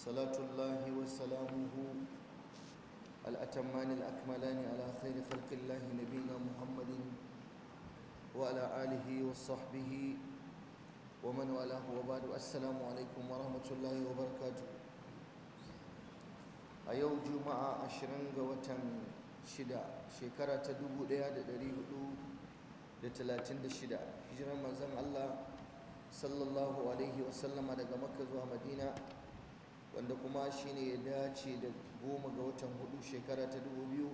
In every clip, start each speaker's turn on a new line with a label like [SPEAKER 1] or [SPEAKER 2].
[SPEAKER 1] صلاة الله وسلامه الأتمان الأكملان على خير خلق الله نبينا محمد وعلى آله وصحبه ومن والاه وبعد السلام عليكم ورحمة الله وبركاته أيو جمعة عشرين وتن شدة شكرة تدوب لها دريه da talatin da shida hijirar manzon Allah sallallahu alaihi wasallama daga makka zuwa madina wanda kuma shi ne ya dace da goma ga watan hudu shekara ta dubu biyu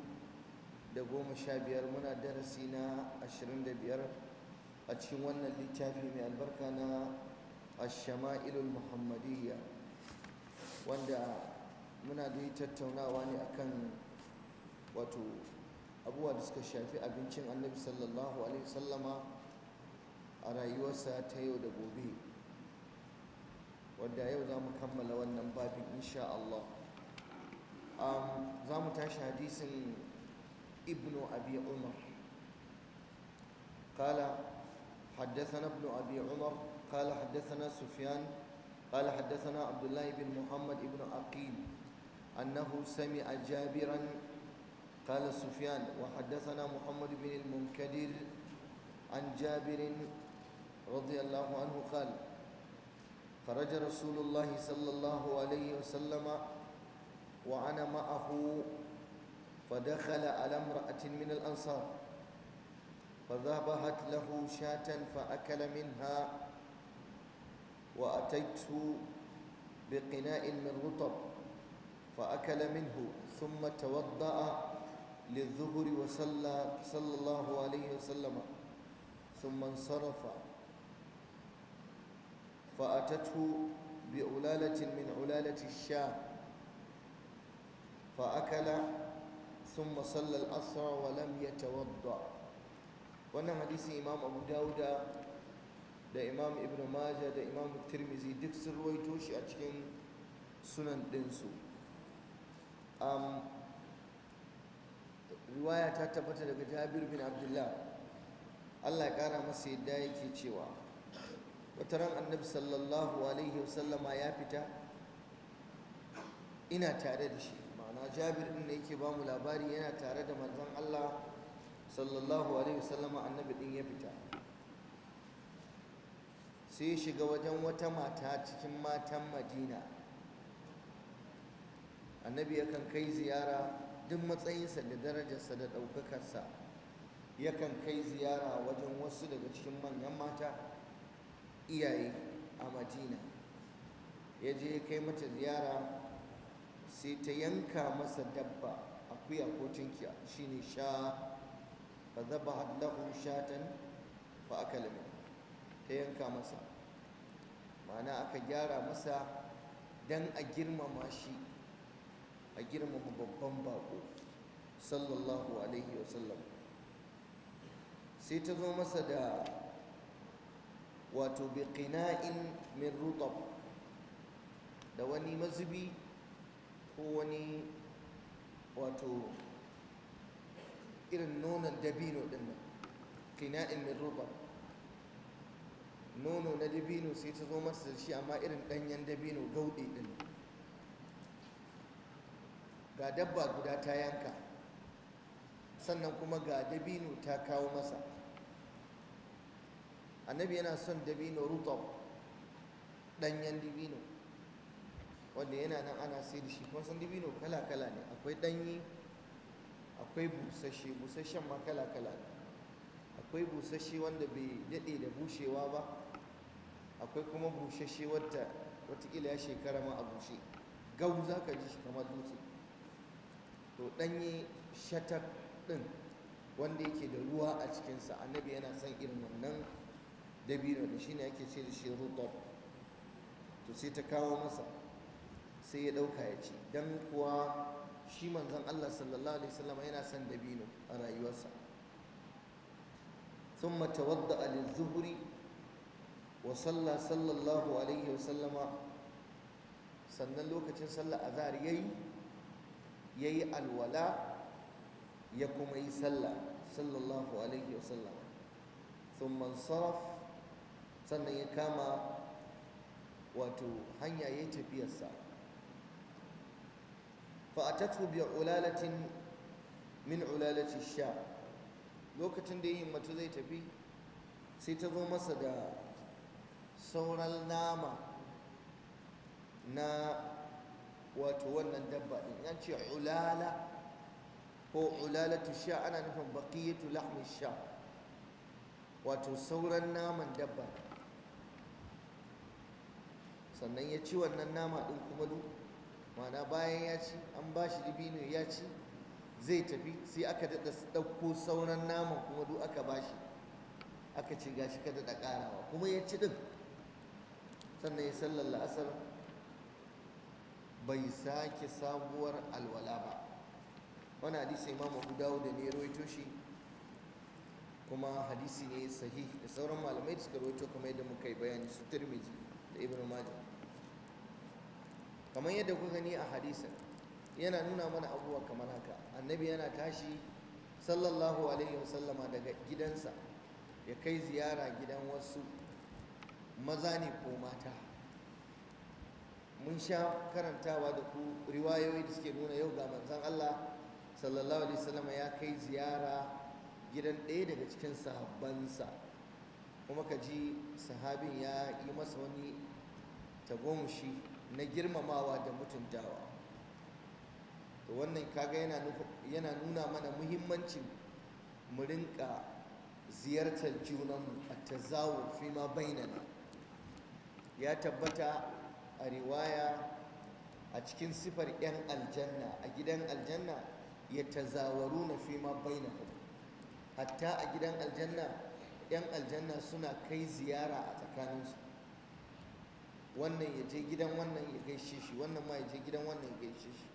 [SPEAKER 1] da goma sha biyar muna darasi na ashirin da biyar a cikin wannan littafi mai albarka na ilul muhammadiyya wanda muna da yi tattaunawa ne akan wato abubuwa da suka shafi abincin annabi sallallahu alaihi sallama a rayuwarsa ta yau da gobe wadda yau za mu kammala wannan babin insha Allah um, za mu tashi hadisin ibnu abi umar kala haddasa ibnu abi umar kala haddasa sufyan kala haddasa abdullahi bin muhammad ibnu aqil annahu sami a jabiran kala sufyan wa haddasa muhammad bin al an jabirin radiyallahu anhu kala خرج رسول الله صلى الله عليه وسلم وأنا معه فدخل على امرأة من الأنصار فذبحت له شاة فأكل منها وأتيته بقناء من رطب فأكل منه ثم توضأ للظهر وصلى صلى الله عليه وسلم ثم انصرف فأتته بألالة من ألالة الشاة فأكل ثم صلى الأسرى ولم يتوضأ wannan hadisin imam abu dauda da imam ibn majah da imam tirmizi duk sun ruwaito shi a cikin sunan ɗinsu riwaya ta tabbata daga jabir bin abdullah allah ya kara masa yadda yake cewa wata ran annabi sallallahu alaihi wasallama ya fita ina tare da shi ma'ana jabir din da yake ba mu labari yana tare da manzon Allah sallallahu alaihi wasallama annabi din ya fita sai ya shiga wajen wata mata cikin matan madina annabi yakan kai ziyara duk matsayinsa da darajarsa da ɗaukakarsa yakan kai ziyara wajen wasu daga cikin manyan mata iyaye a madina ya je ya kai mata ziyara sai ta yanka masa dabba kuya ko tunkiya shine sha fa zabahat lahu shatan fa akala min ta yanka masa ma'ana aka gyara masa dan a girmama shi a girmama babban bako sallallahu alaihi wasallam sai ta zo masa da wato biqina'in min rutab da wani mazubi ko wani wato irin nonon dabino din nan qina'in min rutab nono na dabino sai ta zo masa da shi amma irin danyen dabino gauɗe din ga dabba guda ta yanka sannan kuma ga dabino ta kawo masa annabi yana son dabino rutab ɗanyen dabino wanda yana nan ana sai da shi kuma san dabino kala-kala ne akwai ɗanyi akwai busashe busashen ma kala-kala ne akwai busashe wanda bai daɗe da bushewa ba akwai kuma busashe wata watakila ya shekara ma a bushe gau za ka ji shi kamar dutse to danyi shatak ɗin wanda yake da ruwa a cikinsa annabi yana son irin wannan dabino da shine ake ce da shi rutab to sai ta kawo masa sai ya ɗauka ya ci Dan kuwa shi manzon Allah sallallahu alaihi wasallam yana son dabino a rayuwarsa ثم توضأ للظهر وصلى صلى الله عليه وسلم sannan lokacin sallar azhar yayi yayi alwala ya kuma yi sallah sallallahu alaihi wasallam ثم انصرف sannan ya kama wato hanya ya tafiyarsa fa'atatu bi ulalatin min ulalati sha lokacin da ya himmatu zai tafi sai ta zo masa da sauran nama na wato wannan dabba an ce ulala ko ulalatu sha ana nufin baqiyatu lahmi sha wato sauran naman dabba sannan ya ci wannan nama din kuma duk mana bayan ya ci an ba shi ne ya ci zai tafi sai aka daɗa dauko sauran naman kuma duk aka ba shi aka ce gashi ka daɗa ƙarawa kuma ya ci ɗin sannan ya sallar la'asar bai sake sabuwar alwala ba wani hadisi imam abu dawo da ne rawaito shi kuma hadisi ne sahih da sauran malamai da suka rawaito kamar yadda muka yi bayani su tirmidhi da ibn majah kamar yadda ku gani a hadisin yana nuna mana abubuwa kamar haka annabi yana tashi sallallahu alaihi wasallama daga gidansa ya kai ziyara gidan wasu maza ne ko mata mun sha karantawa da ku riwayoyi da suke nuna yau ga manzan Allah sallallahu alaihi wasallama ya kai ziyara gidan ɗaya daga cikin sahabbansa kuma ka ji sahabin ya yi masa wani tagomashi na girmamawa da mutuntawa to wannan kaga yana nuna mana muhimmancin mu rinka ziyartar junanmu a tazawur fi ma bainana ya tabbata a riwaya a cikin sifar 'yan aljanna a gidan aljanna ya tazawaru na fi ma hatta a gidan aljanna 'yan aljanna suna kai ziyara a tsakaninsu wannan ya je gidan wannan ya gaishe shi wannan ma ya je gidan wannan ya gaishe shi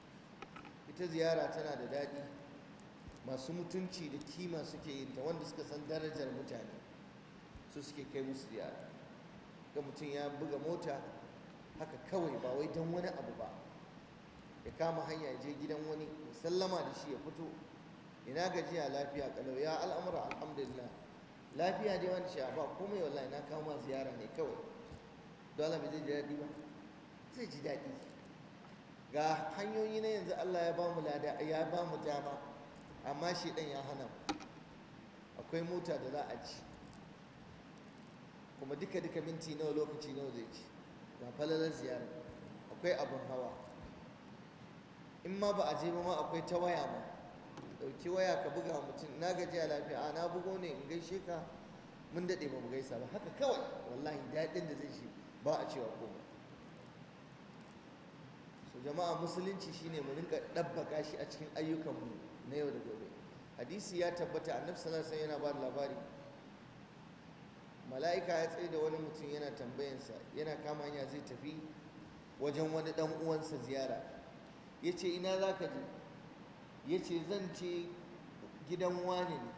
[SPEAKER 1] ita ziyara tana da daɗi masu mutunci da kima suke yin ta wanda suka san darajar mutane su suke kai musu ziyara ga mutum ya buga mota haka kawai ba wai don wani abu ba ya kama hanya ya je gidan wani ya sallama da shi ya fito ina gajiya lafiya kalau ya al'amura alhamdulillah lafiya dai wani ba komai wallahi na kama ziyara ne kawai dole ba zai ji daɗi ba zai ji daɗi ga hanyoyi na yanzu Allah ya ba mu lada ya ba mu dama amma shi ɗan ya hana mu akwai mota da za a ci kuma duka duka minti nawa lokaci nawa zai ci ga falalar ziyara akwai abin hawa in ma ba a je ba ma akwai ta waya ma dauki waya ka buga mutum na gajiya lafiya na bugo ne in gaishe ka mun daɗe ba mu gaisa ba haka kawai wallahi daɗin da zai shi ba a cewa komai su jama'a musulunci shine mu rinka dabbaka shi a cikin ayyukanmu na yau da gobe hadisi ya tabbata annabi sallallahu alaihi yana ba da labari mala'ika ya tsaye da wani mutum yana tambayansa yana kama hanya zai tafi wajen wani dan uwansa ziyara yace ina za je ya zan ce gidan wane ne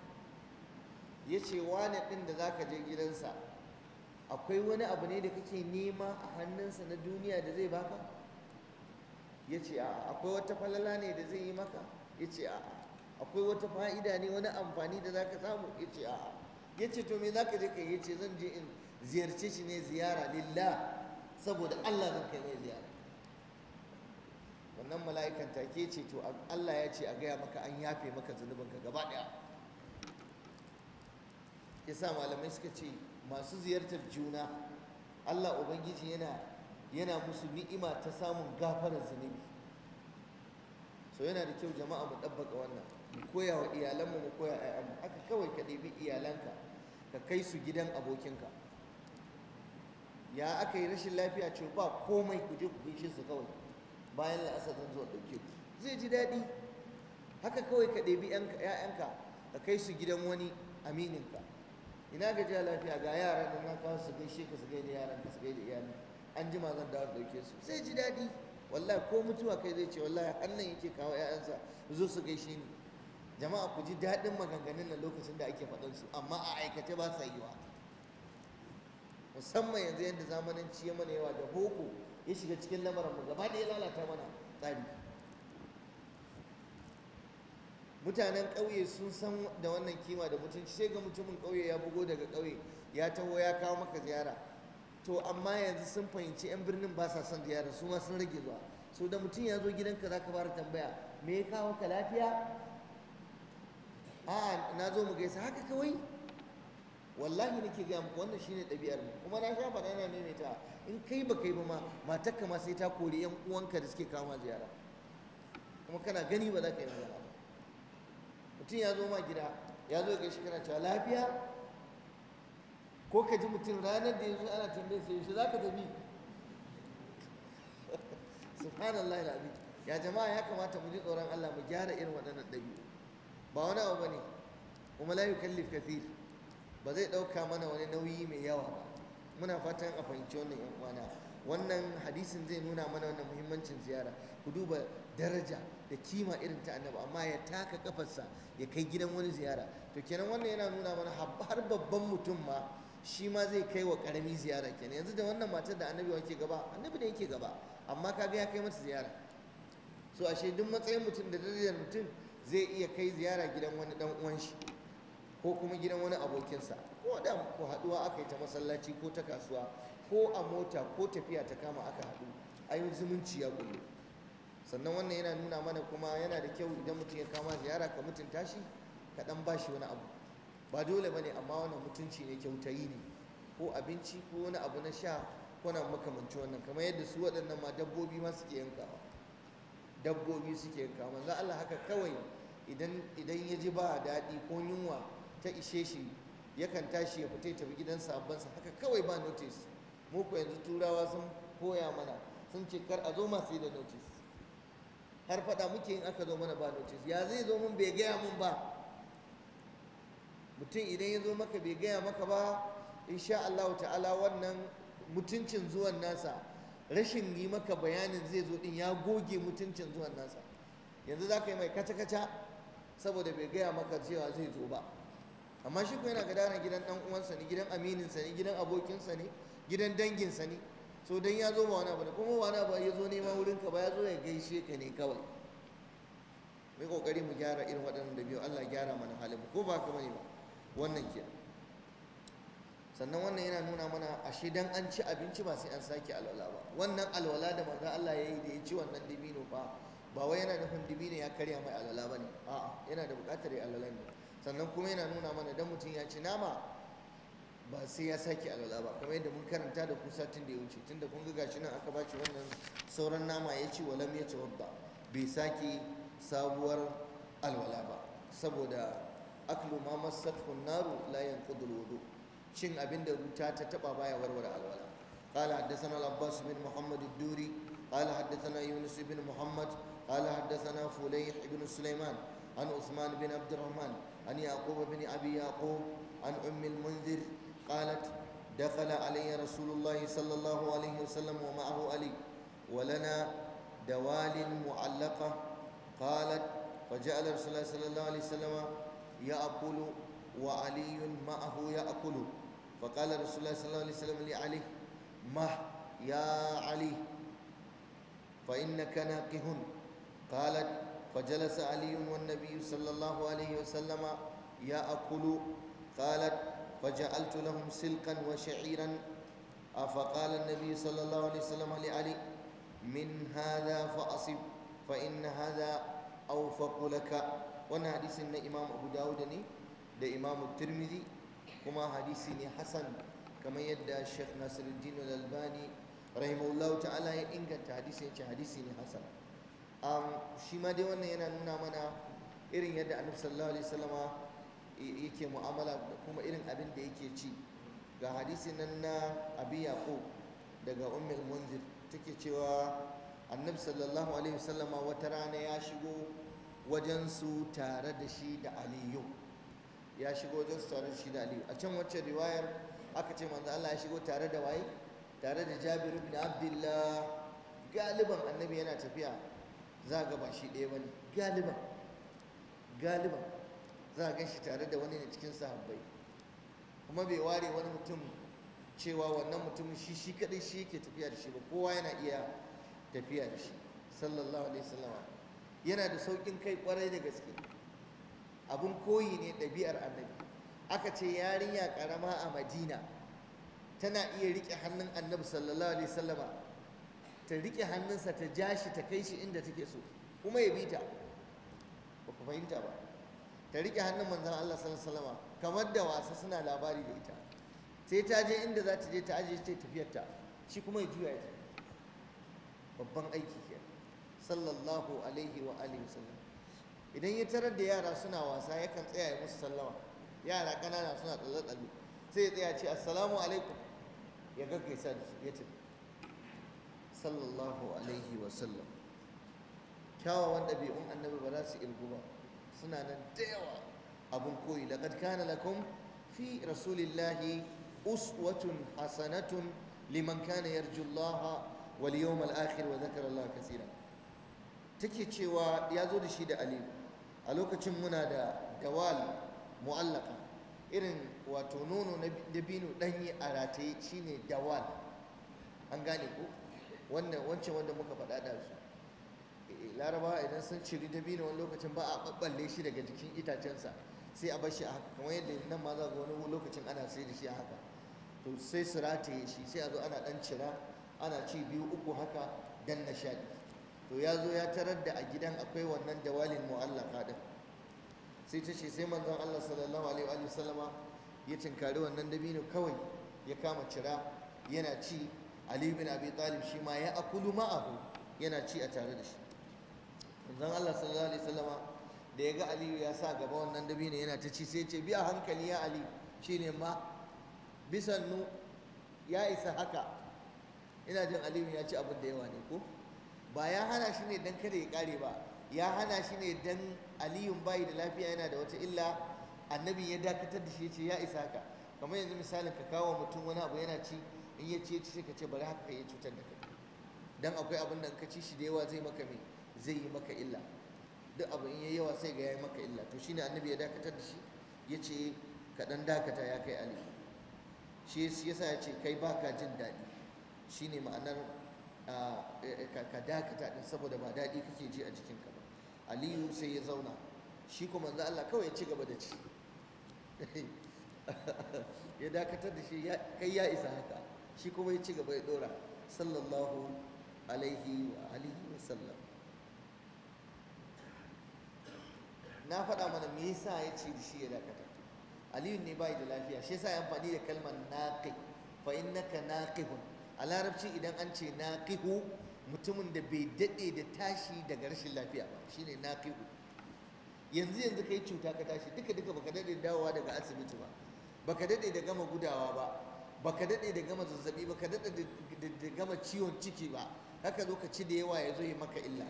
[SPEAKER 1] ya ce wane ɗin da za ka je gidansa akwai wani abu ne da kake nema a hannunsa na duniya da zai baka ya ce a'a akwai wata falala ne da zai yi maka ya ce a'a akwai wata fa'ida ne wani amfani da zaka samu ya ce a'a ya ce to me ka je kai ya ce zan je in ziyarce shi ne ziyara lilla saboda Allah zan kai mai ziyara wannan mala'ikan take ce to Allah ya ce a gaya maka an yafe maka zunubinka gaba ɗaya ya sa malamai suka ce masu ziyartar juna Allah Ubangiji yana yana musu ni'ima ta samun gafarar zunubi so yana da kyau jama'a mu ɗabbaka wannan mu koya wa iyalanmu mu koya ayyanmu haka kawai ka ɗebi iyalanka ka kai su gidan abokinka ya aka yi rashin lafiya ce ba komai ku je ku bishe su kawai bayan la'asar zan zo ɗauke ku zai ji daɗi haka kawai ka ɗebi 'ya'yanka ka kai su gidan wani amininka ina ga gajiya lafiya ga yaran da nan kawo su gaishe ka su gaida yaran ka su gaida iyalin an jima zan dawo dauke su sai ji daɗi wallahi ko mutuwa kai zai ce wallahi annan yake kawo 'ya'yansa zo su gaishe ni jama'a ku ji daɗin maganganun na lokacin da ake faɗan su amma a aikace ba sa yiwa musamman yanzu yadda zamanin ya mana yawa da boko ya shiga cikin lamarin mu gaba da ya lalata mana tsari mutanen ƙauye sun san da wannan kima da mutunci sai ga mutumin ƙauye ya bugo daga ƙauye ya taho ya kawo maka ziyara to amma yanzu sun fahimci 'yan birnin ba sa son ziyara su ma sun rage zuwa so da mutum ya zo gidanka za ka fara tambaya me ya kawo ka lafiya a'a na zo mu gaisa haka kawai wallahi nake gaya muku wannan shine ɗabi'ar mu kuma na sha faɗa na maimaita in kai ba kai ba ma matarka ma sai ta kori 'yan uwanka da suke kama ziyara kuma kana gani ba za ka yi magana mutum ya zo ma gida ya zo ga shi kana cewa lafiya ko ka ji mutum ranar da ya zo ana tambaye sai shi za ka tafi subhanallah alazim ya jama'a ya kamata mu ji tsoron Allah mu gyara irin waɗannan ɗabi'u ba wani abu bane kuma la yukallif kathir ba zai ɗauka mana wani nauyi mai yawa ba muna fatan a fahimci wannan yan uwana wannan hadisin zai nuna mana wannan muhimmancin ziyara ku duba daraja da kima irin ta annabi amma ya taka kafarsa ya kai gidan wani ziyara to kenan wannan yana nuna mana har babban mutum ma shi ma zai kai wa karami ziyara kenan yanzu da wannan matar da annabi wake gaba annabi ne yake gaba amma kaga ya kai mata ziyara so ashe duk matsayin mutum da darajar mutum zai iya kai ziyara gidan wani dan uwan shi ko kuma gidan wani abokinsa ko da ko haduwa aka yi ta masallaci ko ta kasuwa ko a mota ko tafiya ta kama aka haɗu yi zumunci ya kullu sannan wannan yana nuna mana kuma yana da kyau idan mutum ya kama ziyara ka mutunta shi ka ɗan ba shi wani abu ba dole ba ne amma wannan mutunci ne kyautayi ne ko abinci ko wani abu na sha ko na makamanci wannan kamar yadda su waɗannan ma dabbobi ma suke yankawa dabbobi suke yankawa manzo Allah haka kawai idan ya ji ba daɗi ko yunwa ta ishe shi yakan tashi ya fita ya tafi gidan sabansa haka kawai ba notice muku yanzu turawa sun koya mana sun ce kar a zo masu yi da notice har faɗa muke in aka zo mana ba notice ya zai zo mun bai gaya mun ba mutum idan ya zo maka bai gaya maka ba insha Allah ta'ala wannan mutuncin zuwan nasa rashin yi maka bayanin zai zo din ya goge mutuncin zuwan nasa yanzu za ka yi mai kaca-kaca saboda bai gaya maka cewa zai zo ba amma shi ko yana na gidan dan uwansa ne gidan amininsa ne gidan abokinsa ne gidan danginsa ne so dan ya zo ba wani abu ne kuma wani abu ya zo nema wurinka ba ya zo ya gaishe ka ne kawai mai kokari mu gyara irin waɗannan da biyu Allah gyara mana halin ko ba ka bane ba wannan ke sannan wannan yana nuna mana ashe dan an ci abinci ba sai an sake alwala ba wannan alwala da manzo Allah ya yi da ya ci wannan dibino ba ba wai yana nufin dibino ya karya mai alwala ne? a'a yana da buƙatar ya alwala ne sannan kuma yana nuna mana dan mutum ya ci nama ba sai ya sake alwala ba kamar yadda mun karanta da ku satin da ya wuce tunda kun ga gashi nan aka shi wannan sauran nama ya ci walam ya ci wabba bai sake sabuwar alwala ba saboda aklu ma masatun naru layan yanqudul wudu cin abin da ruta ta taba baya warware alwala قال حدثنا العباس بن محمد الدوري قال حدثنا يونس بن محمد قال حدثنا فليح بن سليمان عن عثمان بن عبد الرحمن عن يعقوب بن ابي يعقوب عن ام المنذر قالت دخل علي رسول الله صلى الله عليه وسلم ومعه علي ولنا دوال معلقة قالت فجعل رسول الله صلى الله عليه وسلم يأكل وعلي معه يأكل فقال رسول الله صلى الله عليه وسلم لعلي مه يا علي فإنك ناقه قالت فجلس علي والنبي صلى الله عليه وسلم يأكل قالت فجعلت لهم سلكا وشعيرا فقال النبي صلى الله عليه وسلم لعلي من هذا فأصب فإن هذا أوفق لك وانا حديث ان امام ابو داود ني da imam tirmidhi kuma hadisi ne hasan kamar yadda sheikh nasiruddin al-albani rahimahullahu ta'ala ya inganta hadisi yace hadisi ne hasan um, shi ma dai wannan yana nuna mana irin yadda annabi sallallahu alaihi wasallama yake mu'amala da kuma irin abin da yake ci ga hadisi nan na abi yaqub daga ummul munzir take cewa annabi sallallahu alaihi wasallama wata rana ya shigo wajen su tare da shi da aliyu ya shigo wajen su tare da shi da aliyu a can wacce riwayar aka ce manzo Allah ya shigo tare da waye tare da jabiru bin Abdullah galiban annabi yana tafiya za ga ba shi ɗaya bane galiban galiban za a gan shi tare da wani ne cikin sahabbai kuma bai ware wani mutum cewa wannan mutum shi shi kadai shi yake tafiya da shi ba kowa yana iya tafiya da shi sallallahu alaihi wasallam yana da saukin kai kwarai da gaske abun koyi ne ɗabi'ar annabi aka ce yarinya karama a madina tana iya rike hannun annabi sallallahu alaihi wasallam ta rike hannunsa ta ja shi ta kai shi inda take so kuma ya bi ta ba ku fahimta ba ta rike hannun manzan Allah sallallahu alaihi kamar da wasa suna labari da ita sai ta je inda za ta je ta aje ta tafiyar ta shi kuma ya juya ta babban aiki ke sallallahu alaihi wa alihi wasallam idan ya tarar da yara suna wasa yakan tsaya ya musu sallama yara ƙanana suna tsalle-tsalle sai ya tsaya ce assalamu alaikum ya gaggaisa da su ya tafi sallallahu alaihi wasallam kyawawan ɗabi'un annabi ba za su ilgu ba suna nan da yawa abun koyi laqad kana lakum fi rasulillahi uswatun hasanatun liman kana yarju Allah wal yawmal akhir wa dhakara Allah kaseera take cewa ya zo da shi da alif a lokacin muna da dawal mu'allaka irin wato nono na dabino danyi a rataye shine dawal an gane ko wanda wancan wanda muka faɗa da su larabawa idan sun ciri dabino wani lokacin ba a ɓaɓɓalle shi daga jikin itacensa sai a bashi a haka kamar yadda nan ma za ga wani lokacin ana sai da shi a haka to sai su rataye shi sai a zo ana ɗan cira ana ci biyu uku haka dan nishaɗi to ya zo ya tarar da a gidan akwai wannan dawalin mu'allaka din sai ta ce sai manzon Allah sallallahu alaihi wa sallama ya tinkari wannan dabino kawai ya kama cira yana ci Ali bin Abi Talib shi ma ya akulu ma'ahu yana ci a tare da shi manzon Allah sallallahu alaihi wasallama da ya ga Aliyu ya sa gaba wannan ne yana ta ci sai ce biya hankali ya Ali shine ma nu ya isa haka ina jin Aliyu ya ci abin da yawa ne ko ba ya hana shi ne dan kada ya kare ba ya hana shi ne dan Aliyu bai da lafiya yana da wata illa annabi ya dakatar da shi ce ya isa haka kamar yanzu misalin ka kawo mutum wani abu yana ci in ya ya ci sai ka ce bari haka ya cutar da kai dan akwai abin da ka ci shi da yawa zai maka mai zai yi maka illa duk abu in yayi yawa sai ga yayi maka illa to shine annabi ya dakatar da shi yace ka dan dakata ya kai ali shi yasa yace kai baka jin dadi shine ma'anar e, e, ka dakata din saboda ba dadi kake ji a jikinka ba aliyu sai ya zauna shi kuma manzo Allah kawai ya ci gaba da ci ya dakatar da shi kai ya isa haka shi kuma ya ci gaba ya dora sallallahu alaihi wa alihi wa sallam na faɗa mana me yasa ya ce da shi ya dakata aliyu ne bai da lafiya shi yasa ya amfani da kalmar naqi fa innaka naqihun a larabci idan an ce naqihu mutumin da bai daɗe da tashi daga rashin lafiya ba shine naqihu yanzu yanzu kai cuta ka tashi duka duka baka daɗe dawowa daga asibiti ba baka daɗe da gama gudawa ba baka daɗe da gama zazzabi baka daɗe da gama ciwon ciki ba haka lokaci da yawa ya zo ya maka illa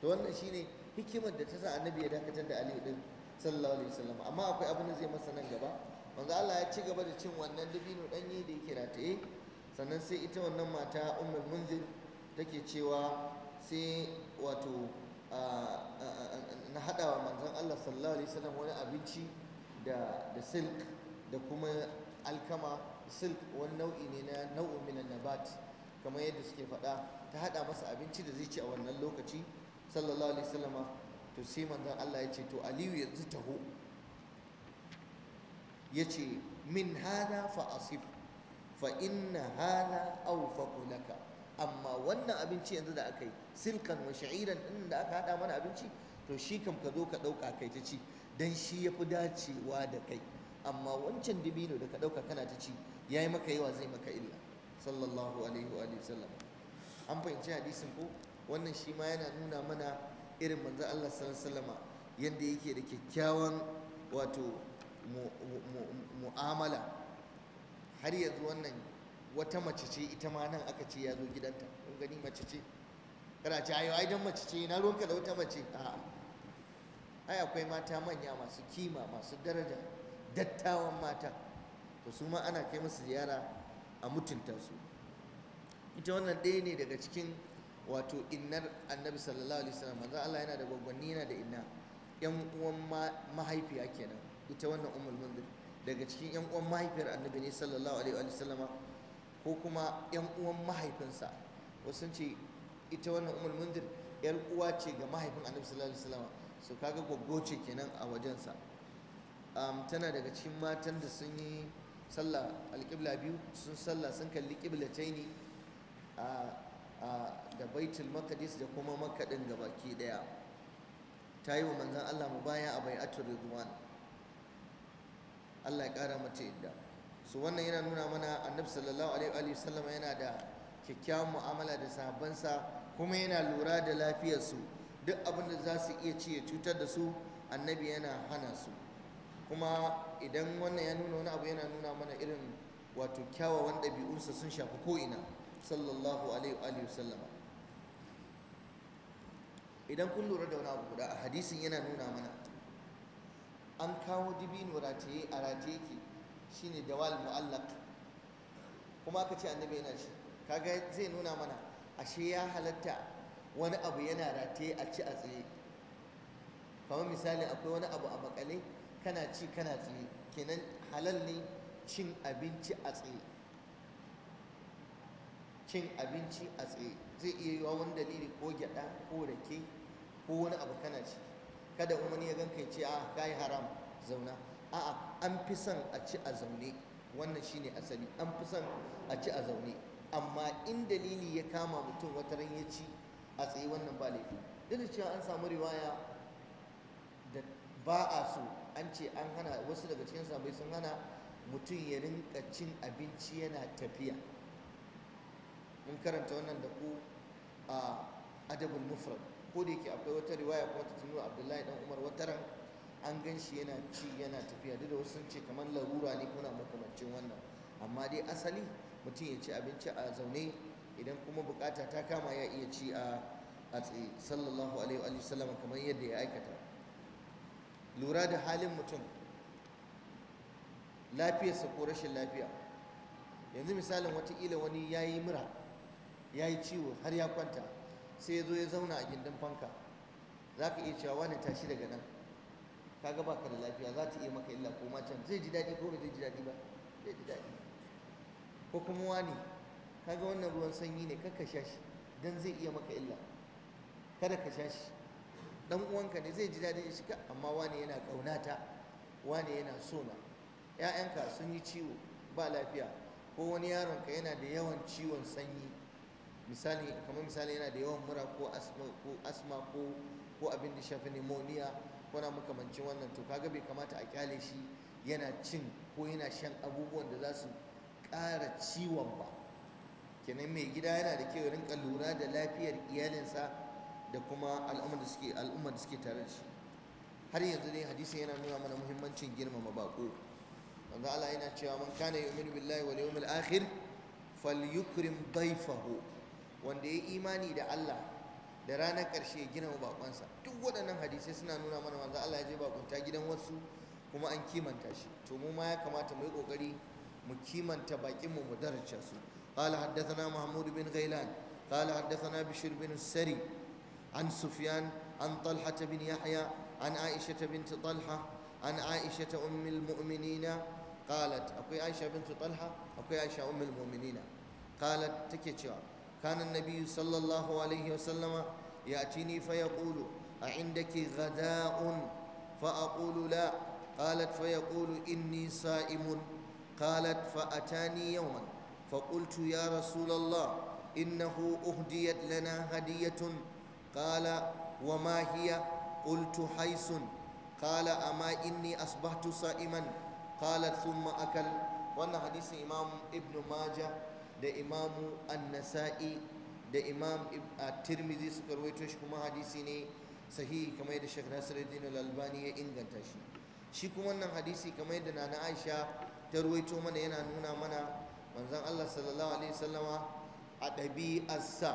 [SPEAKER 1] to wannan shine hikimar da ta sa annabi ya dakatar da ali din sallallahu alaihi wasallam amma akwai abin da zai masa nan gaba manzo Allah ya ci gaba da cin wannan dabino danye da yake rataye sannan sai ita wannan mata ummul munzir take cewa sai wato na hadawa manzon Allah sallallahu alaihi wasallam wani abinci da da silk da kuma alkama silk wani nau'i ne na nau'in minan nabat kamar yadda suke faɗa ta haɗa masa abinci da zai ci a wannan lokaci sallallahu alaihi wasallama to sai manzon Allah ya ce to aliyu yanzu taho ya ce min hada fa asif fa inna hada awfaqu laka amma wannan abinci yanzu da aka yi silkan wa sha'iran din da aka hada mana abinci to shi kam ka zo ka dauka kai ta ci dan shi yafi dacewa da kai amma wancan dibino da ka dauka kana ta ci yayi maka yawa zai maka illa sallallahu alaihi wa sallam an fahimci hadisin ko wannan shi ma yana nuna mana irin manzo Allah sallallahu yadda yake da kyakkyawan wato mu'amala har yanzu wannan wata mace ce ita ma nan aka ce ya zo gidanta kun gani mace ce kana ce ayo ai dan mace ce na ruwanka da wata mace a'a ai akwai mata manya masu kima masu daraja dattawan mata to su ma ana kai musu ziyara a mutunta su ita wannan ɗaya ne daga cikin wato innar annabi sallallahu alaihi wasallam manzo Allah yana da gwangwani yana da inna yan uwan mahaifiya kenan ita wannan ummul munzir daga cikin yan uwan mahaifiyar annabi ne sallallahu alaihi wasallama ko kuma yan uwan mahaifinsa wasu ce ita wannan ummul munzir yar uwa ce ga mahaifin annabi sallallahu alaihi wasallama so kaga gwaggo ce kenan a wajensa um, tana daga cikin matan da sun yi sallah alƙibla biyu sun sallah sun kalli ƙiblatai ne da baitul makadis da kuma makaɗin gabaki ɗaya ta yi wa manzan Allah mu baya a bai atur ridwan Allah ya ƙara mata yadda su wannan yana nuna mana annabi sallallahu alaihi wa sallam yana da kyakkyawan mu'amala da sahabbansa kuma yana lura da lafiyarsu duk abin da za su iya ci ya cutar da su annabi yana hana su kuma idan wannan ya nuna wani abu yana nuna mana irin wato kyawawan ɗabi'unsa sun shafi ko'ina sallallahu alaihi wa sallama idan kun lura da wani abu guda a hadisin yana nuna mana an kawo dibino rataye a rataye ke shine dawal mu'allak kuma aka ce annabi yana shi kaga zai nuna mana ashe ya halatta wani abu yana rataye a ci a tsaye kamar misali akwai wani abu a makale kana ci kana tsaye kenan halal ne cin abinci a tsaye cin abinci a tsaye zai iya wa wani dalili ko gyada ko rake ko wani abu kana ci kada wani ya gan kai ce a ka yi haram zauna a'a an fi son a ci a zaune wannan shine asali an fi son a ci a zaune amma in dalili ya kama mutum wata ran ya ci a tsaye wannan ba laifi duk da cewa an samu riwaya da ba a so an ce an hana wasu daga cikin sabai sun hana mutum ya rinka cin abinci yana tafiya mun karanta wannan da ku a adabul mufrad ko da yake akwai wata riwaya ko ta tuno abdullahi dan umar wataran an gan shi yana ci yana tafiya duk da wasu sun ce kamar larura ne kuna makamancin wannan amma dai asali mutum ya ci abinci a zaune idan kuma bukata ta kama ya iya ci a a tsaye sallallahu alaihi wa sallam kamar yadda ya aikata lura da halin mutum lafiyarsa ko rashin lafiya yanzu misalin watakila wani ya yi mura ya yi ciwo har ya kwanta sai ya zo ya zauna a gindin fanka za ka iya cewa wani tashi daga nan ka gaba baka da lafiya za ta iya maka illa ko ma zai ji daɗi ko ba zai ji daɗi ba zai ji daɗi ko kuma wani ka ga wannan ruwan sanyi ne ka sha shi don zai iya maka illa kada ka sha shi dan uwanka ne zai ji daɗi shi amma wani yana ƙaunata wani yana sona ‘ya'yanka sun yi ciwo ba lafiya ko wani yaronka yana da yawan ciwon sanyi misali kamar misali yana da yawan mura ko asma ko ko abin da shafi pneumonia ko na makamancin wannan to kaga bai kamata a kyale shi yana cin ko yana shan abubuwan da za su ƙara ciwon ba kenan mai gida yana da kyau rinka lura da lafiyar iyalinsa da kuma al'ummar da suke al'ummar da suke tare da shi har yanzu dai hadisi yana nuna mana muhimmancin girmama bako manzo Allah yana cewa man kana yu'minu billahi wal yawmil akhir falyukrim dayfahu wanda ya imani da Allah da ranar ƙarshe gina bakonsa duk waɗannan hadisai suna nuna mana manzo Allah ya je bakunta gidan wasu kuma an kimanta shi to mu ma ya kamata mu yi ƙoƙari mu kimanta baƙin mu mu daraja su قال حدثنا محمود بن غيلان قال حدثنا بشير بن السري عن سفيان عن طلحة بن يحيى عن عائشة بنت طلحة عن عائشة أم المؤمنين قالت أقول عائشة بنت طلحة أقول عائشة أم المؤمنين قالت تكي كان النبي صلى الله عليه وسلم يأتيني فيقول أعندك غداء فأقول لا قالت فيقول إني صائم قالت فأتاني يوما فقلت يا رسول الله إنه أهديت لنا هدية قال وما هي قلت حيس قال أما إني أصبحت صائما قالت ثم أكل وأن حديث إمام ابن ماجه da imamu an-nasa'i da imam a tirmidhi suka rawaito shi kuma hadisi ne sahihi kamar yadda Sheikh Nasiruddin al-Albani ya inganta shi shi kuma wannan hadisi kamar yadda Nana Aisha ta rawaito mana yana nuna mana manzon Allah sallallahu alaihi wasallama a ɗabi'arsa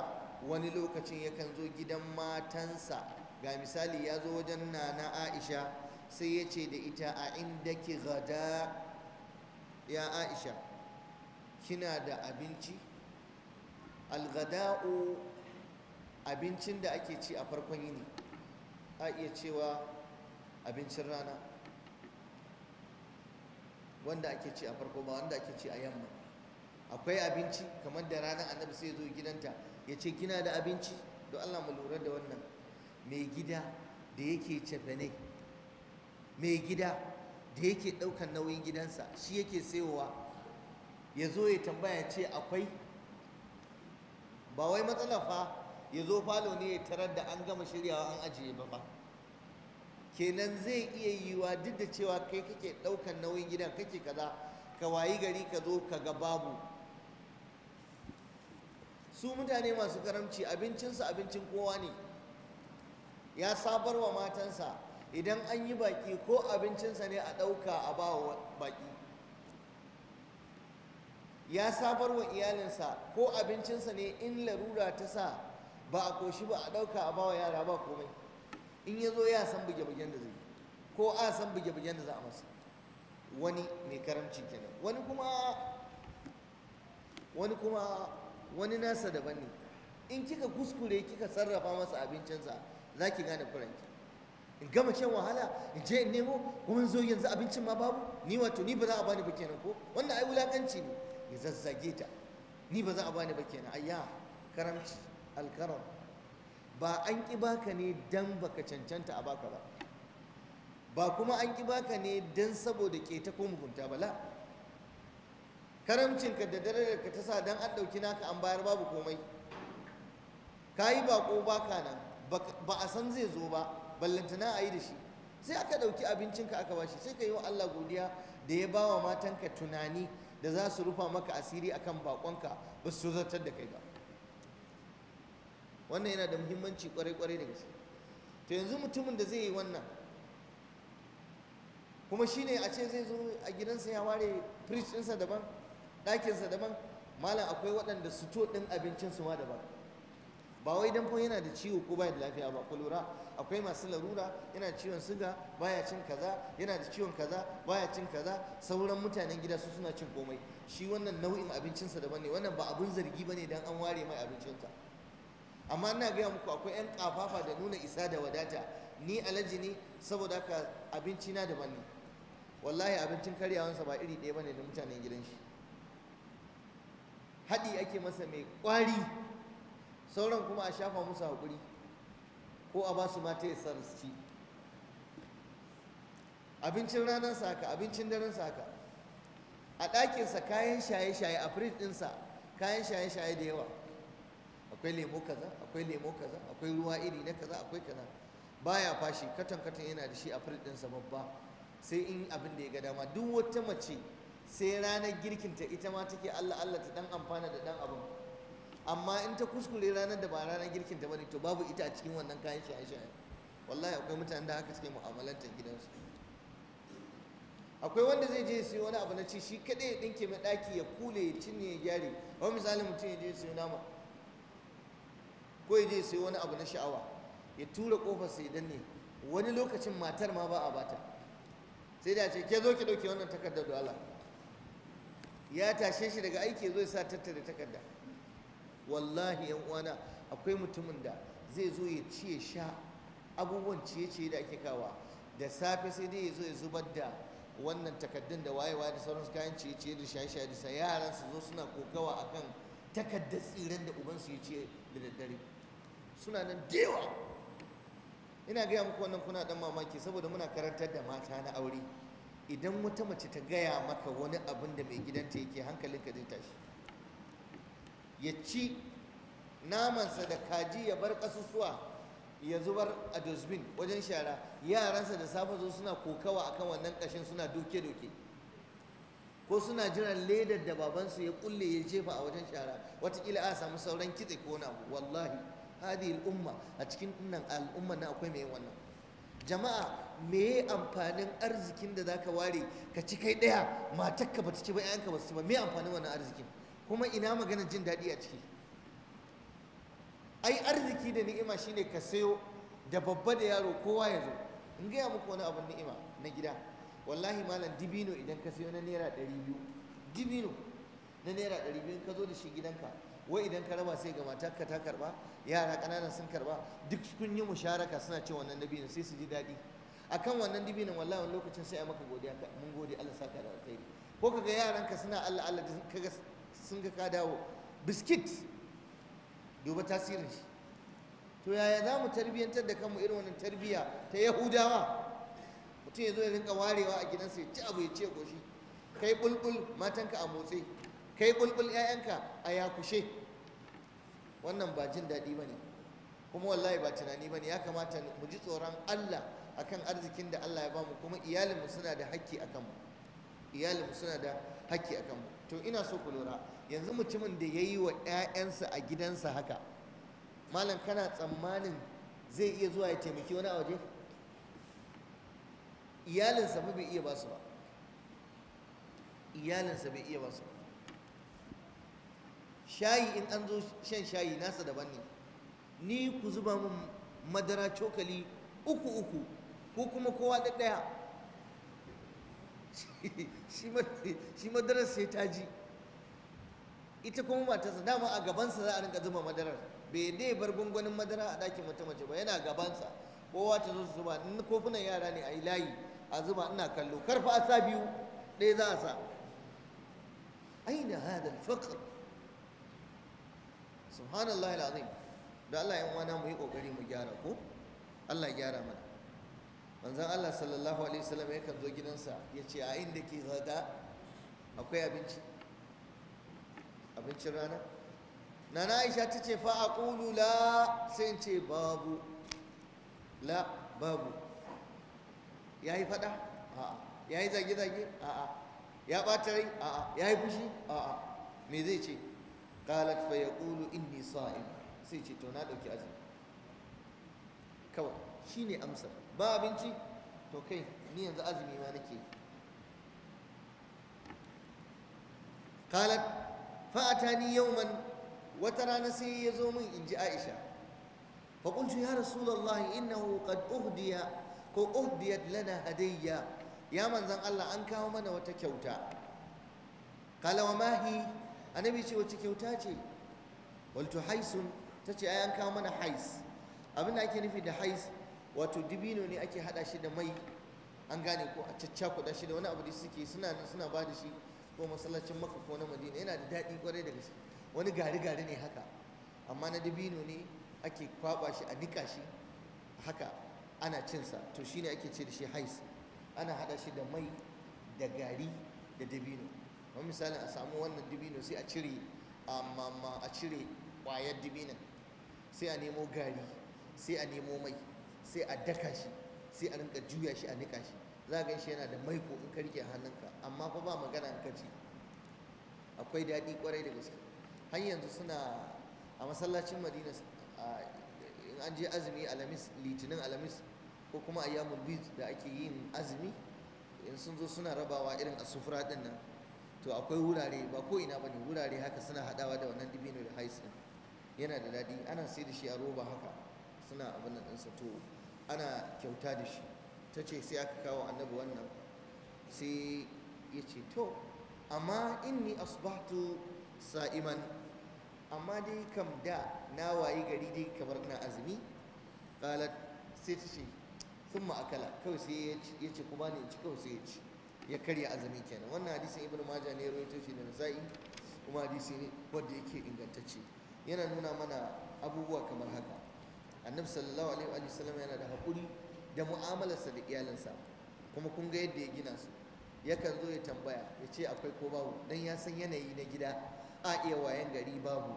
[SPEAKER 1] wani lokacin yakan zo gidan matansa ga misali ya zo wajen Nana Aisha sai ya ce da ita a inda ki gada ya Aisha kina da abinci algada'u abincin da ake ci a farkon yini a iya cewa abincin rana wanda ake ci a farko ba wanda ake ci a yamma akwai abinci kamar da ranar annabi sai zo gidanta ya ce kina da abinci don Allah mu lura da wannan mai gida da yake cefane mai gida da yake ɗaukar nauyin gidansa shi yake sayowa ya zo ya tambaya ce akwai ba wai matsala fa ya zo falo ne ya tarar da an gama shiryawa an ajiye ba ba kenan zai iya yiwa duk da cewa kai kake ɗaukan nauyin gidan kake kaza ka wayi gari ka zo ka ga babu su mutane masu karamci abincinsu abincin kowa ne ya sabarwa matansa idan an yi baki ko abincinsa ne a ɗauka a ba wa baki ya sabar wa iyalinsa ko abincinsa ne in larura ta sa ba a koshi ba a ɗauka a bawa yara ba komai in ya zo ya san buge-bugen da zai ko a san buge-bugen da za a masa wani mai karamci kenan wani kuma wani kuma wani nasa daban ne in kika kuskure kika sarrafa masa abincinsa za ki gane furanki in gama shan wahala in je in nemo kuma zo yanzu abincin ma babu ni wato ni ba za a bani ba kenan ko wannan ai wulakanci ne ya zazzage ta ni ba za a bani ba kenan ayya karamci alkaram ba an ƙi baka ne dan baka cancanta a baka ba ba kuma an ƙi baka ne dan saboda keta ko mugunta ba la karamcinka da darajar ka ta sa dan an ɗauki naka an bayar babu komai ka yi baƙo baka nan ba a san zai zo ba ballantana a yi da shi sai aka ɗauki abincinka aka bashi sai ka yi wa Allah godiya da ya bawa matanka tunani da za su rufa maka asiri akan bakonka ba su zartar da kai ba wannan yana da muhimmanci kwarai-kwarai da gaske to yanzu mutumin da zai yi wannan kuma shine a ce zai zo a gidansa ya ware fridge ɗinsa daban ɗakinsa daban malam akwai waɗanda su to ɗin abincinsu ma daban ba wai dan yana da ciwo ko baya da lafiya ba ku lura akwai masu larura yana ciwon siga baya cin kaza yana da ciwon kaza baya cin kaza sauran mutanen gida su suna cin komai shi wannan nau'in abincinsa daban ne wannan ba abun zargi bane dan an ware mai abincinsa amma ina gaya muku akwai 'yan kafafa da nuna isa da wadata ni alaji ne saboda haka abinci na daban ne wallahi abincin karyawansa ba iri ɗaya bane da mutanen gidan shi haɗi ake masa mai kwari. sauran kuma a shafa musu haƙuri ko a ba su mata ya sa su ci abincin ranar sa ka abincin daren sa a ɗakinsa kayan shaye-shaye a firij ɗinsa kayan shaye-shaye da yawa akwai lemo kaza akwai lemo kaza akwai ruwa iri na kaza akwai kaza baya fashi katon katon yana da shi a firij ɗinsa babba sai in abin da ya ga dama duk wata mace sai ranar girkinta ita ma take allah allah ta dan amfana da dan abin amma in ta kuskure ranar da ba ranar girkin ta bane to babu ita a cikin wannan kayan shaye-shaye wallahi akwai mutanen da haka suke mu'amalanta gidansu akwai wanda zai je siyo wani abu na ci shi kadai ya dinke mai daki ya kule ya cinye ya gyare wani misali mutum ya je siyo nama ko ya je siyo wani abu na sha'awa ya tura kofar sai danne wani lokacin matar ma ba a bata sai da ce ke zo ki dauke wannan takardar da Allah ya tashe shi daga aiki ya zo ya sa tattare takarda wallahi yan uwana akwai mutumin da zai zo ya ci sha abubuwan ciye-ciye da ake kawa da safe sai dai ya zo ya zubar da wannan takaddun da wayewa da sauransu kayan ciye-ciye da shaye-shaye da yaran su zo suna kokawa akan takaddar tsiran da ubansu ya ce da daddare suna nan dewa ina gaya muku wannan kuna dan mamaki saboda muna karantar da mata na aure idan wata mace ta gaya maka wani abin da mai gidanta yake hankalinka zai tashi ya ci namansa da kaji ya bar kasusuwa ya zubar a dosbin wajen shara yaransa da safe zo suna kokawa akan wannan ƙashin suna doke-doke ko suna jiran ledar da babansu ya kulle ya jefa a wajen shara watakila a samu sauran kitse ko na wallahi hadi al'umma a cikin nan al'umma na akwai mai wannan jama'a me amfanin arzikin da zaka ware ka ci kai daya matakka bata ci ba 'ya'yanka ba su ci ba me amfanin wannan arzikin kuma ina maganar jin daɗi a ciki ai arziki da ni'ima shine ka sayo da babba da yaro kowa ya zo in gaya muku wani abin ni'ima na gida wallahi malam dibino idan ka sayo na naira ɗari biyu dibino na naira ɗari biyu ka zo da shi gidanka wai idan ka raba sai ga matarka ta karba yara ƙanana sun karba duk kun yi musharaka suna ce wannan dibino sai su ji daɗi akan wannan dibino wallahi wani lokacin sai a maka godiya mun gode Allah sa ka da alkhairi ko kaga yaranka suna Allah Allah kaga sun ga ka dawo biskit duba tasirin shi to yaya za mu tarbiyyantar da kanmu irin wannan tarbiyya ta yahudawa mutum ya zo ya rinka warewa a gidansa ya ci abu ya ce goshi kai bulbul matanka a motsi kai bulbul 'ya'yanka a yakushe wannan ba jin daɗi ba ne kuma wallahi ba tunani ba ne ya kamata mu ji tsoron allah akan arzikin da allah ya ba mu kuma iyalinmu suna da hakki a suna da hakki a kanmu to ina so ku lura yanzu mutumin da ya yi wa 'ya'yansa a gidansa haka malam kana tsammanin zai iya zuwa ya taimaki wani a waje iyalinsa ba bai iya basu ba iyalinsa bai iya basu ba shayi in an zo shan shayi nasa daban ne ni ku zuba min madara cokali uku uku ko kuma kowa ɗaya shi madarar sai ta ji ita kuma matarsa dama a gabansa za a rinka zuba madarar bai dai bar gungunin madara a ɗakin wata mace ba yana gabansa kowa ta zo su zuba in kofunan yara ne a yi layi a zuba ina kallo karfa a sa biyu ɗaya za a sa aina hada alfaqr subhanallahi alazim da Allah ya wana mu yi kokari mu gyara ko Allah ya gyara mana manzon Allah sallallahu alaihi wasallam yakan zo gidansa ya ce a inda ke zaga akwai abinci abincin rana nana aisha ta ce fa aqulu la sai in ce babu la babu Ya yi fada a'a yi zage zage a'a ya bata rai a'a yi fushi a'a me zai ce qalat fa in nisa in sai ce to na dauki azumi kawai shine amsar ba abinci to kai ni yanzu azumi ma nake qalat fa'atani yawman wata rana sai ya zo min inji Aisha fa ya rasulallah innahu qad uhdiya ko uhdiyat lana hadayya ya manzan Allah an kawo mana wata kyauta qala wa mahi annabi ce wacce kyauta ce waltu haisun ta ce an kawo mana hais abin da ake nufi da hais wato dibino ne ake hada shi da mai an gane ko a caccakuɗa shi da wani abu da suke suna suna ba da shi ko masallacin maka ko na madina yana da daɗi kwarai da gaske wani gari gari ne haka amma na dabino ne ake kwaba shi a nika shi haka ana cinsa to shine ake ce da shi hais ana haɗa shi da mai da gari da dabino kamar misali a samu wannan dabino sai a cire amma um, um, um, a cire ƙwayar dibinan sai a nemo gari sai a nemo mai sai a daka shi sai a rinka juya shi a nika shi za ka shi yana da maiko in ka rike hannunka amma fa ba magana in ka ci akwai daɗi kwarai da gaske har yanzu suna a masallacin madina in an je azumi alamis litinin alamis ko kuma ayyamul bid da ake yin azumi in sun zo suna rabawa irin a sufura din nan to akwai wurare ba ko ina bane wurare haka suna hadawa da wannan dibino da hais din yana da daɗi ana sai da shi a roba haka suna abin nan ɗinsa to ana kyauta da shi ta ce sai aka kawo annabi wannan sai ya ce to amma inni asbahtu sa'iman amma dai kam da na wayi gari dai kamar na azumi qalat sai ta ce sun akala kawai sai ya ce kuma ne ci kawai sai ya ci ya karya azumi kenan wannan hadisin ibnu majah ne rawaito shi da nasa'i kuma hadisi ne wanda yake ingantacce yana nuna mana abubuwa kamar haka annabi sallallahu alaihi wa sallam yana da haƙuri da mu'amalarsa da iyalinsa kuma kun ga yadda ya gina su yakan zo ya tambaya ya ce akwai ko babu dan ya san yanayi na gida a iya wayan gari babu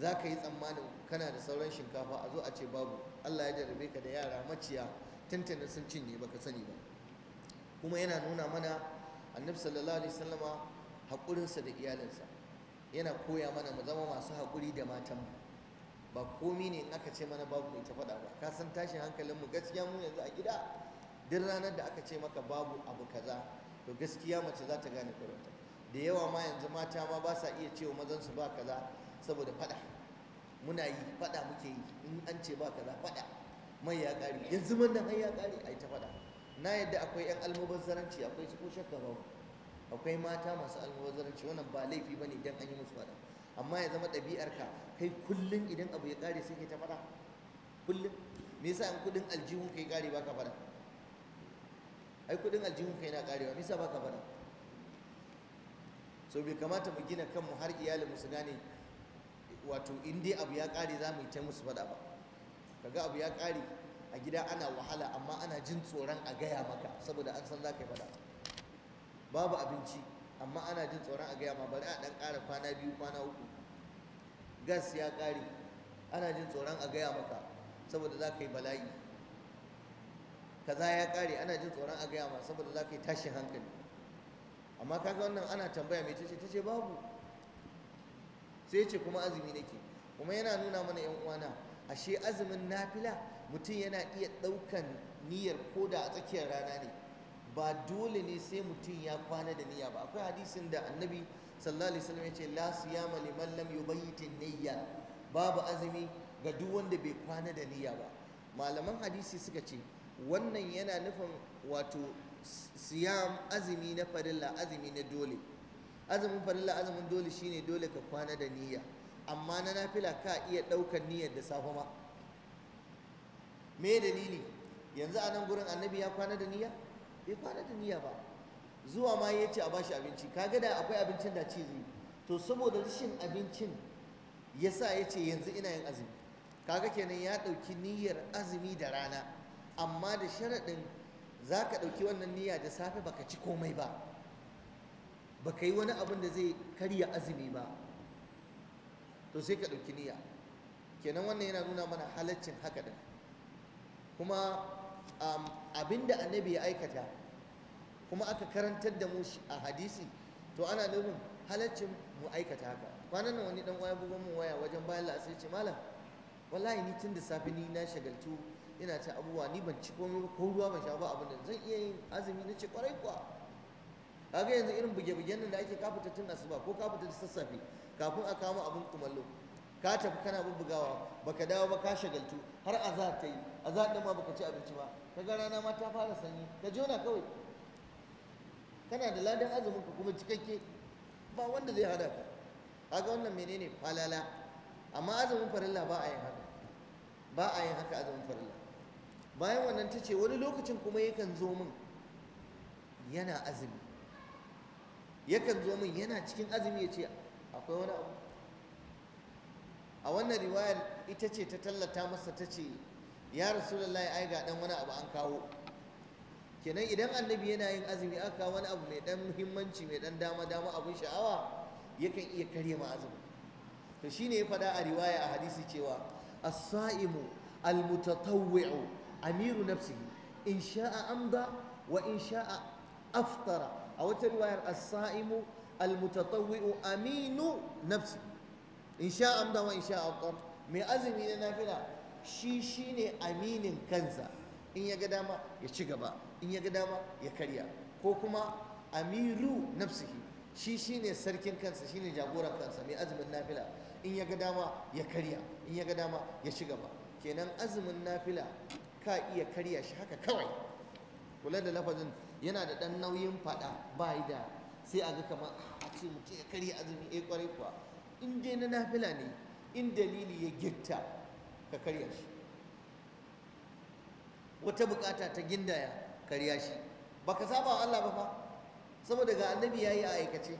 [SPEAKER 1] za ka yi tsammanin kana da sauran shinkafa a zo a ce babu allah ya jarabe ka da yara maciya tantanin sun cinye ba ka sani ba kuma yana nuna mana annabi sallallahu alaihi wasallama haƙurinsa da iyalinsa yana koya mana mu zama masu haƙuri da matan ba komi ne aka ce mana babu mai ta faɗa ba ka san tashin hankalin mu gaskiya mu yanzu a gida duk ranar da aka ce maka babu abu kaza to gaskiya mace za ta gane kuranta da yawa ma yanzu mata ma ba sa iya cewa mazan su ba kaza saboda faɗa muna yi faɗa muke yi in an ce ba kaza faɗa mai ya ƙare yanzu man nan ya ƙare ai ta faɗa na yadda akwai yan almubazzaranci akwai su ko shakka akwai mata masu almubazzaranci wannan ba laifi bane idan an yi musu faɗa amma ya zama ɗabi'arka kai kullum idan abu ya ƙare sai kai ta faɗa kullum me yasa an kuɗin aljihun kai ƙare baka faɗa ai kuɗin aljihun kai na ƙarewa me yasa baka faɗa so bai kamata mu gina kanmu har iyalin mu su gane wato in dai abu ya ƙare za mu yi ta musu faɗa ba kaga abu ya ƙare a gida ana wahala amma ana jin tsoron a gaya maka saboda an san za ka yi faɗa babu abinci amma ana jin tsoron a gaya ma bari a ɗan ƙara kwana biyu kwana uku gas ya ƙare ana jin tsoron a gaya maka saboda za ka yi bala'i kaza ya ƙare ana jin tsoron a gaya ma saboda za ka yi tashin hankali amma kaga wannan ana tambaya mai tashi tashi babu sai ce kuma azumi nake kuma yana nuna mana yan uwana ashe azumin nafila mutum yana iya ɗaukan niyyar koda a tsakiyar rana ne ba dole ne sai mutum ya kwana da niyya ba akwai hadisin da annabi sallallahu alaihi wasallam yace la siyama liman lam yubayyit niyya babu azumi ga duk wanda bai kwana da niyya ba malaman hadisi suka ce wannan yana nufin wato siyam azumi na farilla azumi na dole azumin farilla azumin dole shine dole ka kwana da niyya amma na nafila ka iya ɗaukar niyyar da safe ma me dalili yanzu a nan gurin annabi ya kwana da niyya bai fara da niyya ba zuwa ma ya ce a bashi abinci kaga da akwai abincin da ci to saboda rashin abincin ya sa ya ce yanzu ina yin azumi kaga kenan ya ɗauki niyyar azumi da rana amma da sharaɗin za ka ɗauki wannan niyya da safe baka ci komai ba baka yi wani abin da zai karya azumi ba to sai ka ɗauki niyya kenan wannan yana nuna mana halaccin haka ɗin kuma um, abinda annabi ya aikata kuma aka karantar da mu a hadisi to ana nufin halaccin mu aikata haka kwanan nan wani dan waya bugon mu waya wajen bayan la'asar ce malam wallahi ni tun da safe ni na shagaltu ina ta abubuwa ni ban ci komai ba ko ruwa ban sha ba abin da zan iya yin azumi na ce kwarai kuwa kaga yanzu irin buge-bugen nan da ake kafuta tun asuba ko kafuta da sassafe kafin a kama abin kumallo ka tafi kana bubbugawa baka dawo ba ka shagaltu har azhar ta yi a za ɗan ma baka ci abinci ba ga rana ma ta fara sanyi ka jona kawai kana da ladan azumin ka kuma cikakke ba wanda zai hada ka kaga wannan menene falala amma azumin farilla ba a yin haka ba a yin haka azumin farilla bayan wannan ta ce wani lokacin kuma yakan zo min yana azumi yakan zo min yana cikin azumi ya ce akwai wani abu a wannan riwayar ita ce ta tallata masa ta ce ya rasulullahi ai ga dan wani abu an kawo kenan idan annabi yana yin azumi aka kawo wani abu mai dan muhimmanci mai dan dama dama abun sha'awa yakan iya karya ma azumi to shine ya fada a riwaya a hadisi cewa as-sa'imu al-mutatawwi'u amiru nafsihi in sha'a amda wa in sha'a aftara a wata riwayar as-sa'imu al-mutatawwi'u aminu nafsihi in sha'a amda wa in sha'a aftara mai azumi na nafila shi shi ne aminin kansa in ya ga dama ya ci gaba in ya ga dama ya karya ko kuma amiru nafsihi shi shi ne sarkin kansa shi ne jagoran kansa mai azumin nafila in ya ga dama ya karya in ya ga dama ya ci gaba kenan azumin nafila ka iya karya shi haka kawai kula da lafazin yana da ɗan nauyin faɗa ba da sai a ga kamar ah, a ce mutum ya karya azumi ya eh, kwarai kuwa in dai na nafila ne in dalili ya gitta ka karya shi wata bukata ta gindaya karya shi baka saba wa Allah ba fa saboda ga annabi ya yi a aikace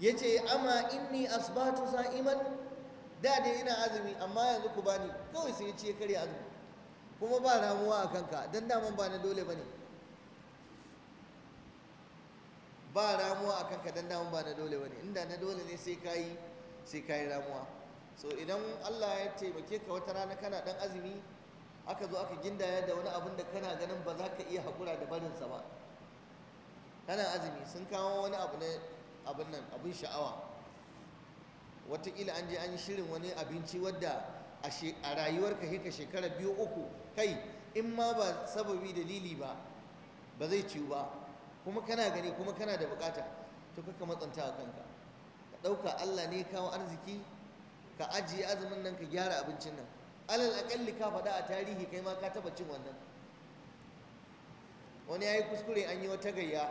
[SPEAKER 1] ya ce amma inni asbatu sa'iman da dai ina azumi amma yanzu ku bani kawai sai ce karya azumi kuma ba ramuwa a kanka don daman ba na dole ba ne. ba ramuwa a kanka don daman ba na dole ba ne. inda na dole ne sai yi sai kayi ramuwa so idan Allah ya taimake ka wata rana kana dan azumi aka zo aka gindaya da wani abin da kana ganin ba za ka iya haƙura da barinsa ba kana azumi sun kawo wani abu ne abin nan abin sha'awa wataƙila an je an yi shirin wani abinci wadda a rayuwarka hika shekara biyu uku kai in ma ba sababi dalili ba ba zai ciwu ba kuma kana gani kuma kana da bukata to kaka matsanta a kanka ka ɗauka Allah ne kawo arziki ka ajiye azumin nan ka gyara abincin nan alal akalli ka faɗa a tarihi kai ma ka taba cin wannan wani ya yi kuskure an yi wata gayya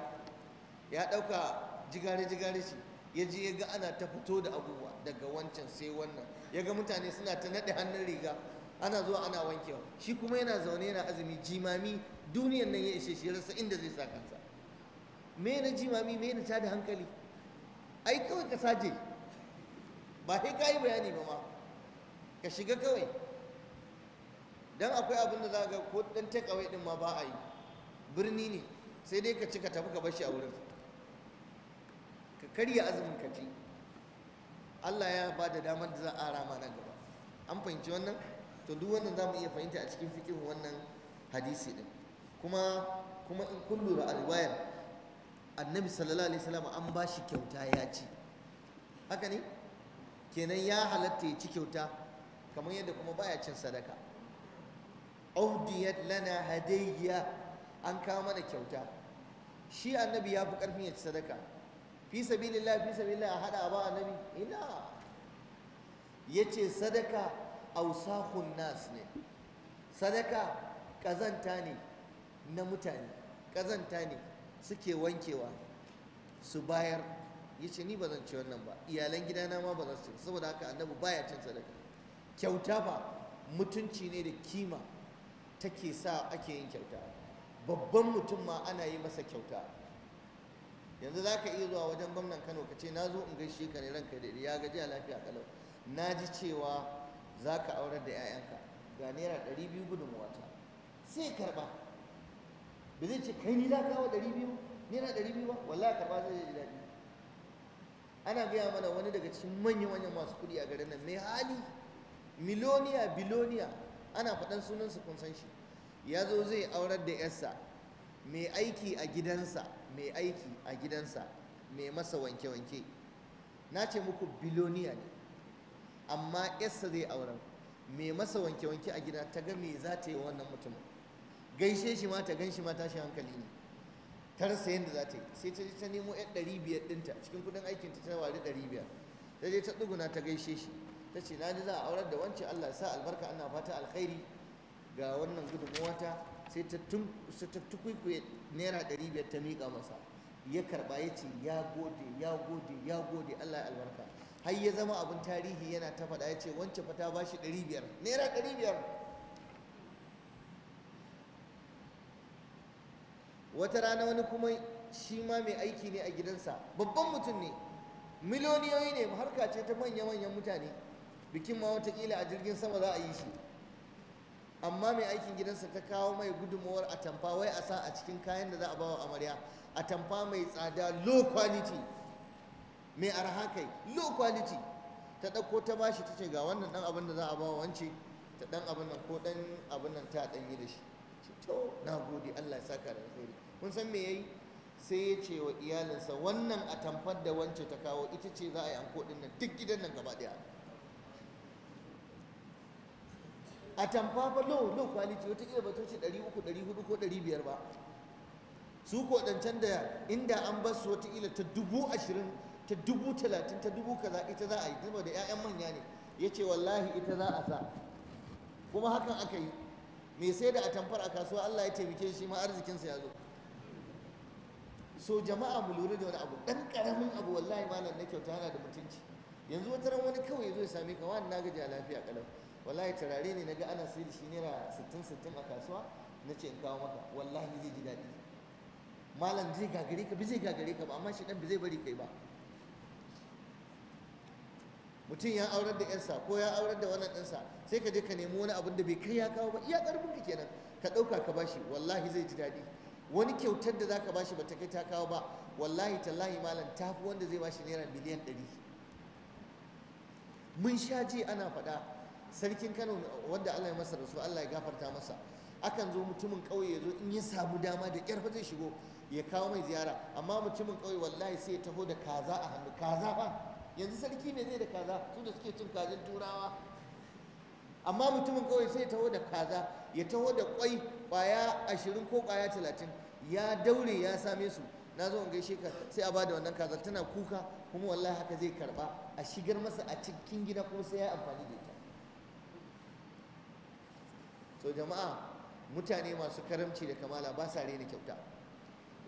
[SPEAKER 1] ya ɗauka jigare-jigare shi ya ji ya ga ana ta fito da abubuwa daga wancan sai wannan ya ga mutane suna ta naɗe hannun riga ana zuwa ana wankewa shi kuma yana zaune yana azumi jimami duniyan nan ya ishe shi rasa inda zai sa kansa me na jimami me na tada hankali ai kawai ka saje ba sai ka yi bayani ba ma ka shiga kawai don akwai abin da za ga ko ɗan takeaway ɗin ma ba a yi birni ne sai dai ka ci ka tafi ka bashi a wurin ka karya azumin ka ci Allah ya ba da damar da za a rama nan gaba an fahimci wannan to duk wannan za mu iya fahimta a cikin fikin wannan hadisi ɗin kuma kuma in kun lura a riwayar annabi sallallahu alaihi wasallam an ba shi kyauta ya ci haka ne kenan ya halatta ya ci kyauta kamar yadda kuma baya cin sadaka ahdiyat lana hadayya an kawo mana kyauta shi annabi ya fi karfin ya ci sadaka fi sabilillah fi sabilillah a hada ba annabi ina yace sadaka ausahun nas ne sadaka kazanta ne na mutane kazanta ne suke wankewa su bayar ya ce ni ba zan ci wannan ba iyalan gidana ma ba za su ci saboda haka annabi baya cin sadaka kyauta ba mutunci ne da kima take sa ake yin kyauta babban mutum ma ana yi masa kyauta yanzu za ka iya zuwa wajen gwamnan kano ka ce na zo in gaishe ka ne ranka da ya gaji a lafiya kalau na ji cewa za ka aurar da 'ya'yanka ga naira ɗari biyu wata. sai karɓa ba zai ce kai ni za ka kawo ɗari biyu naira ɗari biyu ba wallahi karɓa zai ji daɗi ana gaya mana wani daga cikin manyan manyan masu kuɗi a garin nan mai hali miloniya biloniya ana faɗan sunansa kun san shi ya zo zai aurar da yarsa mai aiki a gidansa mai aiki a gidansa mai masa wanke-wanke na ce muku biloniya ne amma yarsa zai auren mai masa wanke-wanke a gida ta ga me za ta yi wannan mutumin gaishe shi ma ta gan shi ma tashi hankali ne ta rasa yadda za ta yi sai ta je ta nemo yan ɗari biyar ɗinta cikin kudin aikin ta wari ɗari biyar ta je ta ɗuguna ta gaishe shi ta ce na ji za a aurar da wancan Allah sa albarka ana fata alkhairi ga wannan sai ta sai ta tukwikwe naira ɗari biyar ta miƙa masa ya karɓa ya ce ya gode ya gode ya gode Allah ya albarka har ya zama abin tarihi yana ta faɗa ya ce wance fata ba shi ɗari biyar naira ɗari biyar wata rana wani kuma shi ma mai aiki ne a gidansa babban mutum ne miliyoniyoyi ne harka ce ta manya-manyan mutane bikin ma watakila a jirgin sama za a yi shi amma mai aikin gidansa ta kawo mai gudunmawar atamfa wai a sa a cikin kayan da za a ba wa amarya atamfa mai tsada low quality mai arha kai low quality ta ɗauko ta bashi ta ce ga wannan ɗan abin da za a ba wa wance ta ɗan abin nan ko ɗan abin nan ta ɗan yi da shi to na gode allah ya saka da alheri kun san me yayi sai ya ce wa iyalinsa wannan a tamfar da wance ta kawo ita ce za a yi an din nan duk gidan nan gaba daya a tamfa fa low low quality wata kila ba ta ce 300 400 ko 500 ba su ko dancan da inda an bar su wata kila ta dubu ashirin ta dubu talatin ta dubu kaza ita za a yi saboda 'ya'yan manya ne ya ce wallahi ita za a sa kuma hakan aka yi mai sai da atamfar a kasuwa Allah ya taimake shi ma arzikinsa ya zo so jama'a mu lura da wani abu dan karamin abu wallahi malam na kyauta yana da mutunci yanzu wata ran wani kawai zo ya same ka wani na gaji a lafiya kalau wallahi turare ne naga ana sayar da shi naira 60 60 a kasuwa na ce in kawo maka wallahi zai ji daɗi malam zai gagare ka bi zai gagare ka ba amma shi dan bi zai bari kai ba mutum ya aurar da yarsa ko ya aurar da wannan ɗinsa sai ka je ka nemi wani abin da bai kai ya kawo ba iya ƙarfin ka kenan ka ɗauka ka bashi wallahi zai ji daɗi wani kyautar da zaka bashi ba ta kai ta kawo ba wallahi tallahi malam tafi wanda zai bashi naira miliyan ɗari mun sha ji ana faɗa sarkin kano wanda allah ya masa su allah ya gafarta masa akan zo mutumin ƙauye ya zo in ya samu dama da ƙyar zai shigo ya kawo mai ziyara amma mutumin ƙauye wallahi sai ya taho da kaza a hannu kaza ba yanzu sarki ne zai da kaza su da suke cin kajin turawa amma mutumin ƙauye sai ya taho da kaza ya taho da ƙwai kwaya ashirin ko kwaya talatin ya daure ya same su na zo in gaishe ka sai a bada wannan kazar tana kuka kuma wallahi haka zai karba a shigar masa a cikin gida kuma sai ya amfani da ita so jama'a mutane masu karamci da kamala ba sa rena kyauta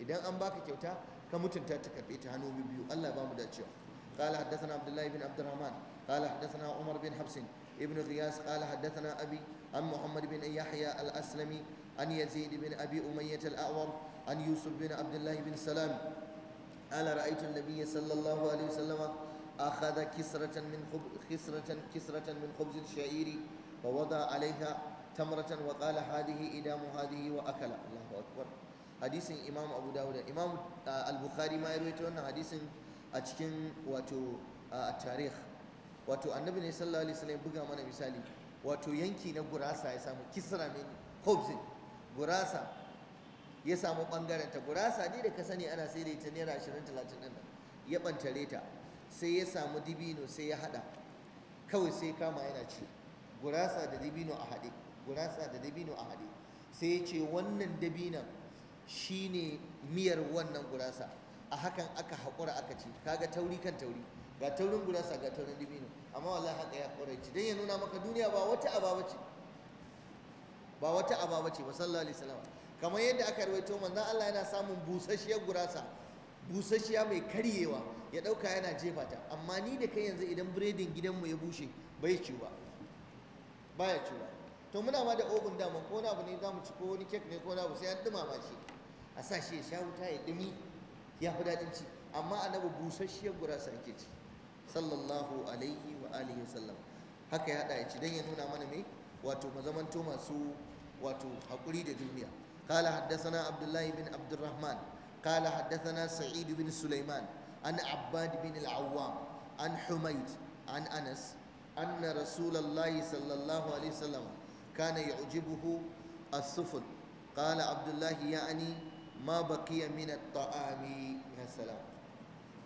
[SPEAKER 1] idan an baka kyauta ka mutunta ta karbe ta hannu biyu Allah ba mu dacewa قال حدثنا عبد الله بن عبد الرحمن قال حدثنا عمر بن حفص ابن غياس قال حدثنا أبي عن محمد بن يحيى الأسلمي عن يزيد بن أبي أمية الأعور عن يوسف بن عبد الله بن سلام قال رأيت النبي صلى الله عليه وسلم أخذ كسرة من خب... خسرة كسرة من خبز الشعير ووضع عليها تمرة وقال هذه إدام هذه وأكل الله أكبر حديث إمام أبو داود إمام البخاري ما يرويته أن حديث أتكين واتو التاريخ wato annabi ne sallallahu alaihi wasallam buga mana misali wato yanki na gurasa ya samu kisra min khubzin gurasa ya samu ɓangaren ta gurasa ne da ka sani ana sai da ita naira ashirin talatin ɗin ya ɓantare ta sai ya samu dibino sai ya haɗa kawai sai kama yana ci gurasa da dibino a haɗe gurasa da dibino a haɗe sai ya ce wannan dabinan shine miyar wannan gurasa a hakan aka haƙura aka ci kaga tauri kan tauri ga taurin gurasa ga taurin dibino amma wallahi haka ya haƙura ci don ya nuna maka duniya ba wata aba ce ba wata aba ce ba sallallahu alaihi wasallam kamar yadda aka rawaito manzon Allah yana samun busasshiyar gurasa busasshiya mai karyewa ya dauka yana jefa ta amma ni da kai yanzu idan biredin gidanmu ya bushe bai ciwa baya ba to muna ma da ogun dama ko na abu ne za ci ko wani kek ne ko na abu sai an ba shi a sa shi ya sha wuta ya dumi ya fi daɗin ci amma annabi busasshiyar gurasa yake ci sallallahu alaihi wa alihi wasallam haka ya haɗa ya ci don ya nuna mana me wato mazamanto masu wato haƙuri da duniya kala haddasana abdullahi bin abdurrahman kala haddasana sa'id bin sulaiman an abbad bin al-awwam an humayd an anas anna rasulullahi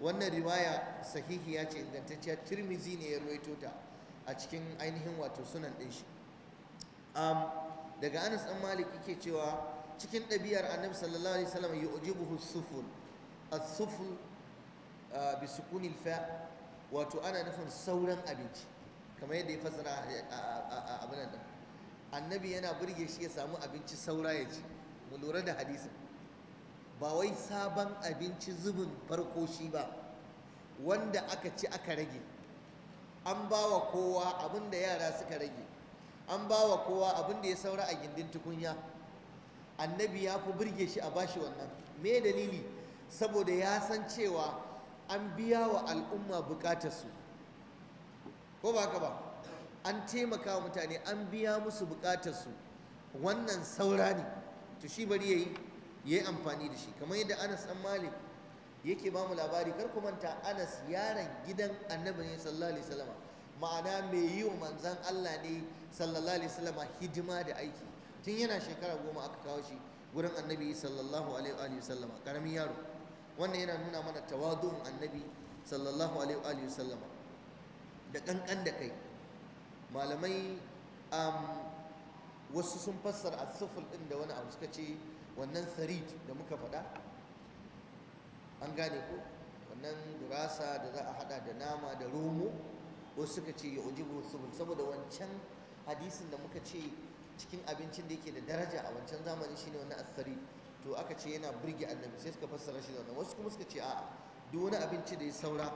[SPEAKER 1] wannan riwaya sahihiya ce ingantacciya tirmizi ne ya ruwaito ta a cikin ainihin wato sunan ɗin shi um, daga Anas dan Malik yake cewa cikin ɗabi'ar Annabi sallallahu alaihi wasallam buhu sufun a sufun a bisukuni fa wato ana nufin sauran abinci kamar yadda ya fassara abinan nan annabi yana burge shi ya samu abinci saura ya ci mu lura da hadisa ba wai sabon abinci zubin farko shi ba wanda aka ci aka rage an ba wa kowa abin da yara suka rage an ba wa kowa abin da ya saura a gindin tukunya annabi ya fi birge shi a bashi wannan me dalili saboda ya san cewa an biya wa al'umma bukatarsu ko ba ka ba an taimaka wa mutane an biya musu bukatarsu wannan saura ne to shi bari ya yi ya yi amfani da shi kamar yadda anas an malik yake ba mu labari kar ku manta anas yaron gidan annabi ne sallallahu alaihi ma'ana mai yi wa manzan allah ne sallallahu alaihi wasallama hidima da aiki tun yana shekara goma aka kawo shi wurin annabi sallallahu alaihi wasallama karamin yaro wannan yana nuna mana tawadu'un annabi sallallahu alaihi wasallama da kankan da kai malamai wasu sun fassara a sufur ɗin da wani abu suka ce wannan sarid da muka faɗa an gane ko wannan gurasa da za a haɗa da nama da romo wasu suka ce ya ujibu sufur saboda wancan hadisin da muka ce cikin abincin da yake da daraja a wancan zamani shine wani asari to aka ce yana burge annabi sai suka fassara shi da wannan wasu kuma suka ce a'a duk wani abinci da ya saura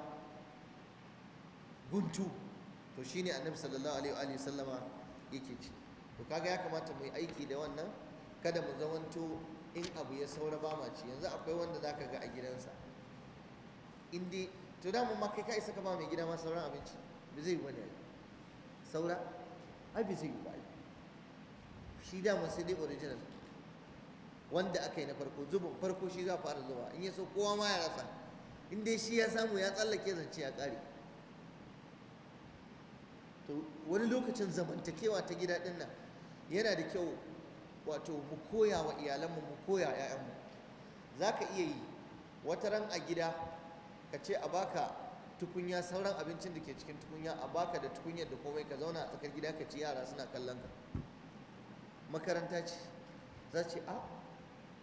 [SPEAKER 1] guntu to shine annabi sallallahu alaihi wa alihi sallama yake ci to kaga ya kamata mu yi aiki da wannan kada mu zamanto in abu ya saura ba ci yanzu akwai wanda zaka ga a gidansa in dai to da mu ma kai ka isa ka ba mai gida ma sauran abinci ba zai yi wani saura ai bai yi sai dai original wanda aka yi na farko zubin farko shi za fara zuwa in ya so kowa ma ya rasa in dai shi ya samu ya tsallake zance ya kare to wani lokacin zamantakewa ta gida dinnan yana da kyau wato mu koya wa iyalanmu mu koya ‘ya'yanmu za ka iya yi wata ran a gida ka ce a baka tukunya sauran abincin da ke cikin tukunya a baka da tukunya da komai ka zauna a tsakar gida ka ci yara suna kallon ka makaranta ce za ce a ah,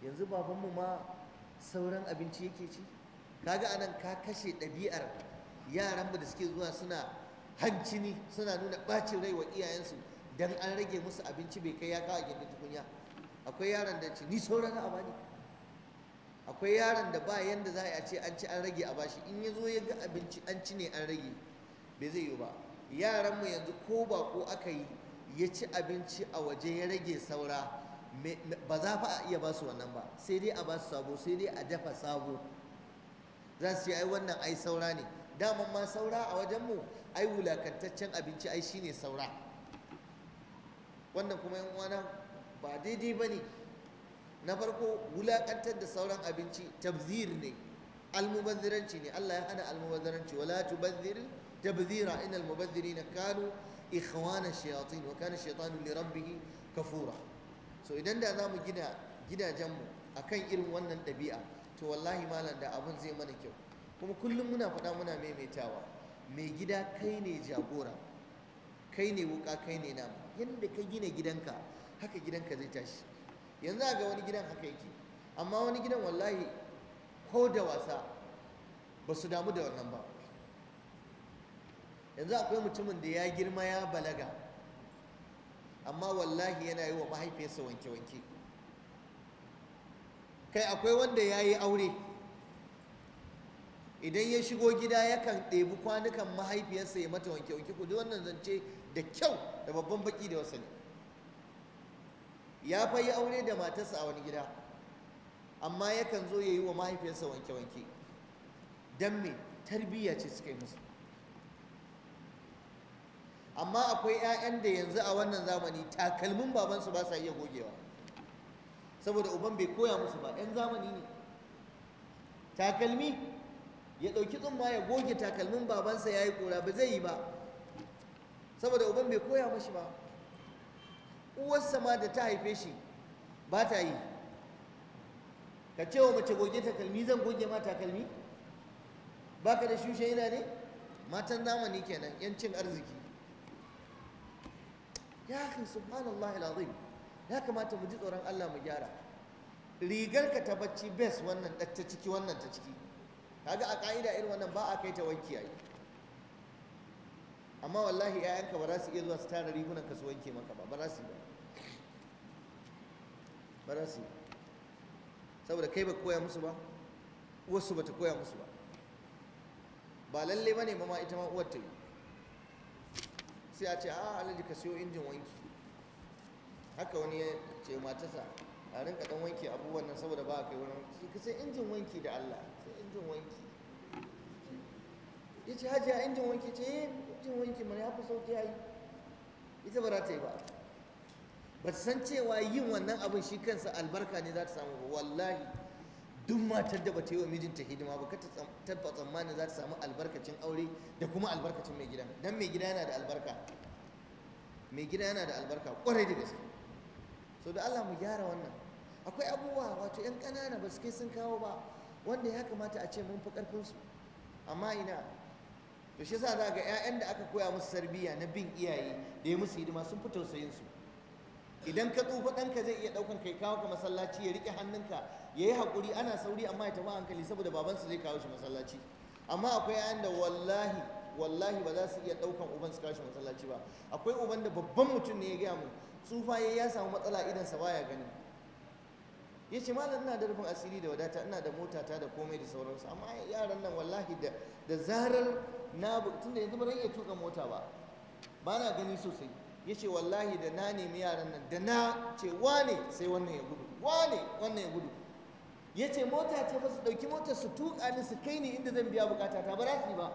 [SPEAKER 1] yanzu babanmu ma sauran abinci yake ci kaga anan ka kashe ɗabi'ar yaran da suke zuwa suna hancini suna nuna bacin rai wa iyayensu dan an rage musu abinci bai kai ya kawo gindin tukunya akwai yaran da ce ni sauran a ne. akwai yaron da ba yanda za a ce an ci an rage a bashi in ya zo ya ga abinci an ci ne an rage bai zai yi ba yaranmu yanzu ko ba ko aka yi ya ci abinci a waje ya rage saura ba za fa a iya ba su wannan ba sai dai a ba su sabo sai dai a dafa sabo za su yi wannan ai saura ne daman ma saura a mu ai wulakantaccen abinci ai shine saura wannan kuma yan uwana ba daidai ba ne na farko wulakantar da sauran abinci tabzir ne almubazziranci ne Allah ya hana almubazziranci wala tubazzir tabzira innal mubazzirina kanu ikhwana shayatin wa kana shaytanu li rabbih kafura so idan da zamu gina gidajen mu akan irin wannan ɗabi'a to wallahi malam da abun zai mana kyau kuma kullum muna faɗa muna maimaitawa mai gida kai ne jagora kai ne wuka kai ne nama yadda ka gina gidanka haka gidanka zai tashi yanzu ga wani gidan haka yake amma wani gidan wallahi ko da wasa ba su damu da wannan ba yanzu akwai mutumin da ya girma ya balaga amma wallahi yana yi wa mahaifiyarsa wanke-wanke kai akwai wanda ya yi aure idan ya shigo gida yakan ɗebi kwanukan mahaifiyarsa ya mata wanke-wanke ku wannan zance da kyau da babban baki da wasanni. ya fa yi aure da matarsa a wani gida amma yakan zo ya yi wa mahaifiyarsa wanke-wanke don me tarbiyya ce suka yi musu amma akwai 'ya'yan da yanzu a wannan zamani takalmin babansu ba sa iya gogewa saboda uban bai koya musu ba 'yan zamani ne takalmi ya ɗauki tsumma ya goge takalmin babansa ya yi ƙura ba zai yi ba saboda uban bai koya mashi ba uwarsa ma da ta haife shi ba ta yi ka ce wa mace goge takalmi zan goge ma takalmi ba ka da shushe yana ne matan zamani kenan yancin arziki ya akhi subhanallah alazim ya kamata mu ji tsoron Allah mu gyara rigar ka ta bacci bes wannan ta ciki wannan ta ciki kaga a ƙa'ida irin wannan ba a kai ta wanki yayi amma wallahi ƴaƴanka ba za su iya zuwa su tara rigunan ka su wanke maka ba ba za su yi ba ba za su yi saboda kai ba koya musu ba wasu ba ta koya musu ba ba lalle ba ne ma ma ita ma uwar ta yi sai a ce a ah, alhaji ka siyo injin wanki haka wani ya ce matasa a rinka dan wanke abubuwan nan saboda ba a kai wani ka sai injin wanki da Allah sai injin wanki ya ce hajiya injin wanki ce eh, injin wanki mana ya fi sauki ya yi ita ba za ta yi ba ba ta san cewa yin wannan abin shi kansa albarka ne za ta samu ba wallahi duk matar da ba ta yi wa mijinta hidima ba ka tabba tsammanin za ta samu albarkacin aure da kuma albarkacin mai gida. don mai gida yana da albarka mai gida yana da albarka kwarai da gaske so da Allah mu gyara wannan akwai abubuwa wato yan kanana ba su kai sun kawo ba wanda ya kamata a ce mun fi su? amma ina to shi yasa za ga 'ya'yan da aka koya musu sarbiya na bin iyaye da ya musu hidima sun fi tausayin su idan ka tsufa ɗanka zai iya ɗaukan kai kawo ka masallaci ya riƙe hannunka ya yi haƙuri ana sauri amma ya tafi hankali saboda babansa zai kawo shi masallaci amma akwai 'ya'yan da wallahi wallahi ba za su iya ɗaukan uban su kawo shi masallaci ba akwai uban da babban mutum ne ya gaya mu tsufa ya samu matsala idan sa baya gani ya ce malam ina da rufin asiri da wadata ina da motata da komai da sauransu amma yaran nan wallahi da zarar na da yanzu ba zan iya tuka mota ba ba na gani sosai ya ce wallahi da na nemi yaran nan da na ce wane sai wannan ya gudu wane wannan ya gudu ya ce mota ta fa su ɗauki mota su tuka ni su kai ni inda zan biya bukata ta ba za su yi ba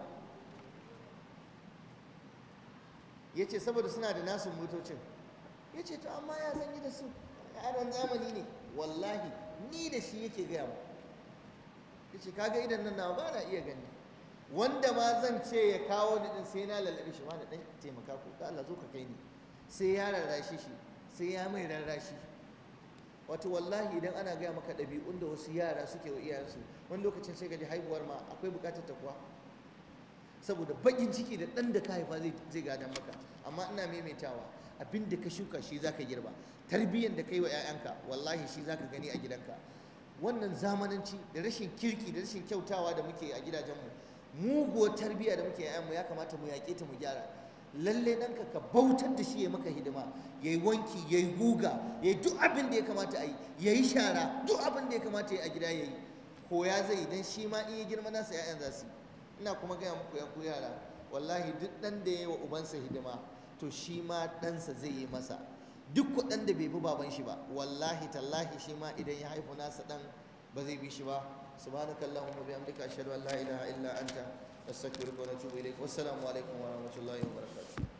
[SPEAKER 1] ya ce saboda suna da nasu motocin ya ce to amma ya zan yi da su yaran zamani ne wallahi ni da shi yake gaya mu ce kaga idan nan na ba na iya gani wanda ma zan ce ya kawo ni din sai na lalabe shi ma da dan taimaka ko da Allah zo ka kai ni sai ya rarrashi shi sai ya mai rarrashi wato wallahi idan ana gaya maka ɗabi'un da wasu yara suke wa iyayensu wani lokacin sai gaji haihuwar ma akwai buƙatar ta kuwa saboda baƙin ciki da ɗan da ka haifa zai gadan maka amma ina maimaitawa abin da ka shuka shi za ka girba tarbiyyar da ka yi wa 'ya'yanka wallahi shi za ka gani a gidanka wannan zamananci da rashin kirki da rashin kyautawa da muke a gidajenmu muguwa tarbiyya da muke mu ya kamata mu yaƙe ta mu gyara lalle ɗanka ka bautar da shi ya maka hidima ya yi wanki ya yi guga ya yi duk abin da ya kamata a yi ya yi shara duk abin da ya kamata a gida ya yi koya zai yi don shi ma in ya girma nasa 'ya'yan za su yi ina kuma gaya muku ya yara wallahi duk ɗan da ya yi wa ubansa hidima to shi ma ɗansa zai yi masa duk kuɗin da bai bi baban shi ba wallahi tallahi shi ma idan ya haifu nasa ɗan ba zai bi shi ba subhanakallahumma bihamdika ashhadu an la ilaha illa anta astaghfiruka wa atubu ilaik wassalamu alaikum wa rahmatullahi wa barakatuh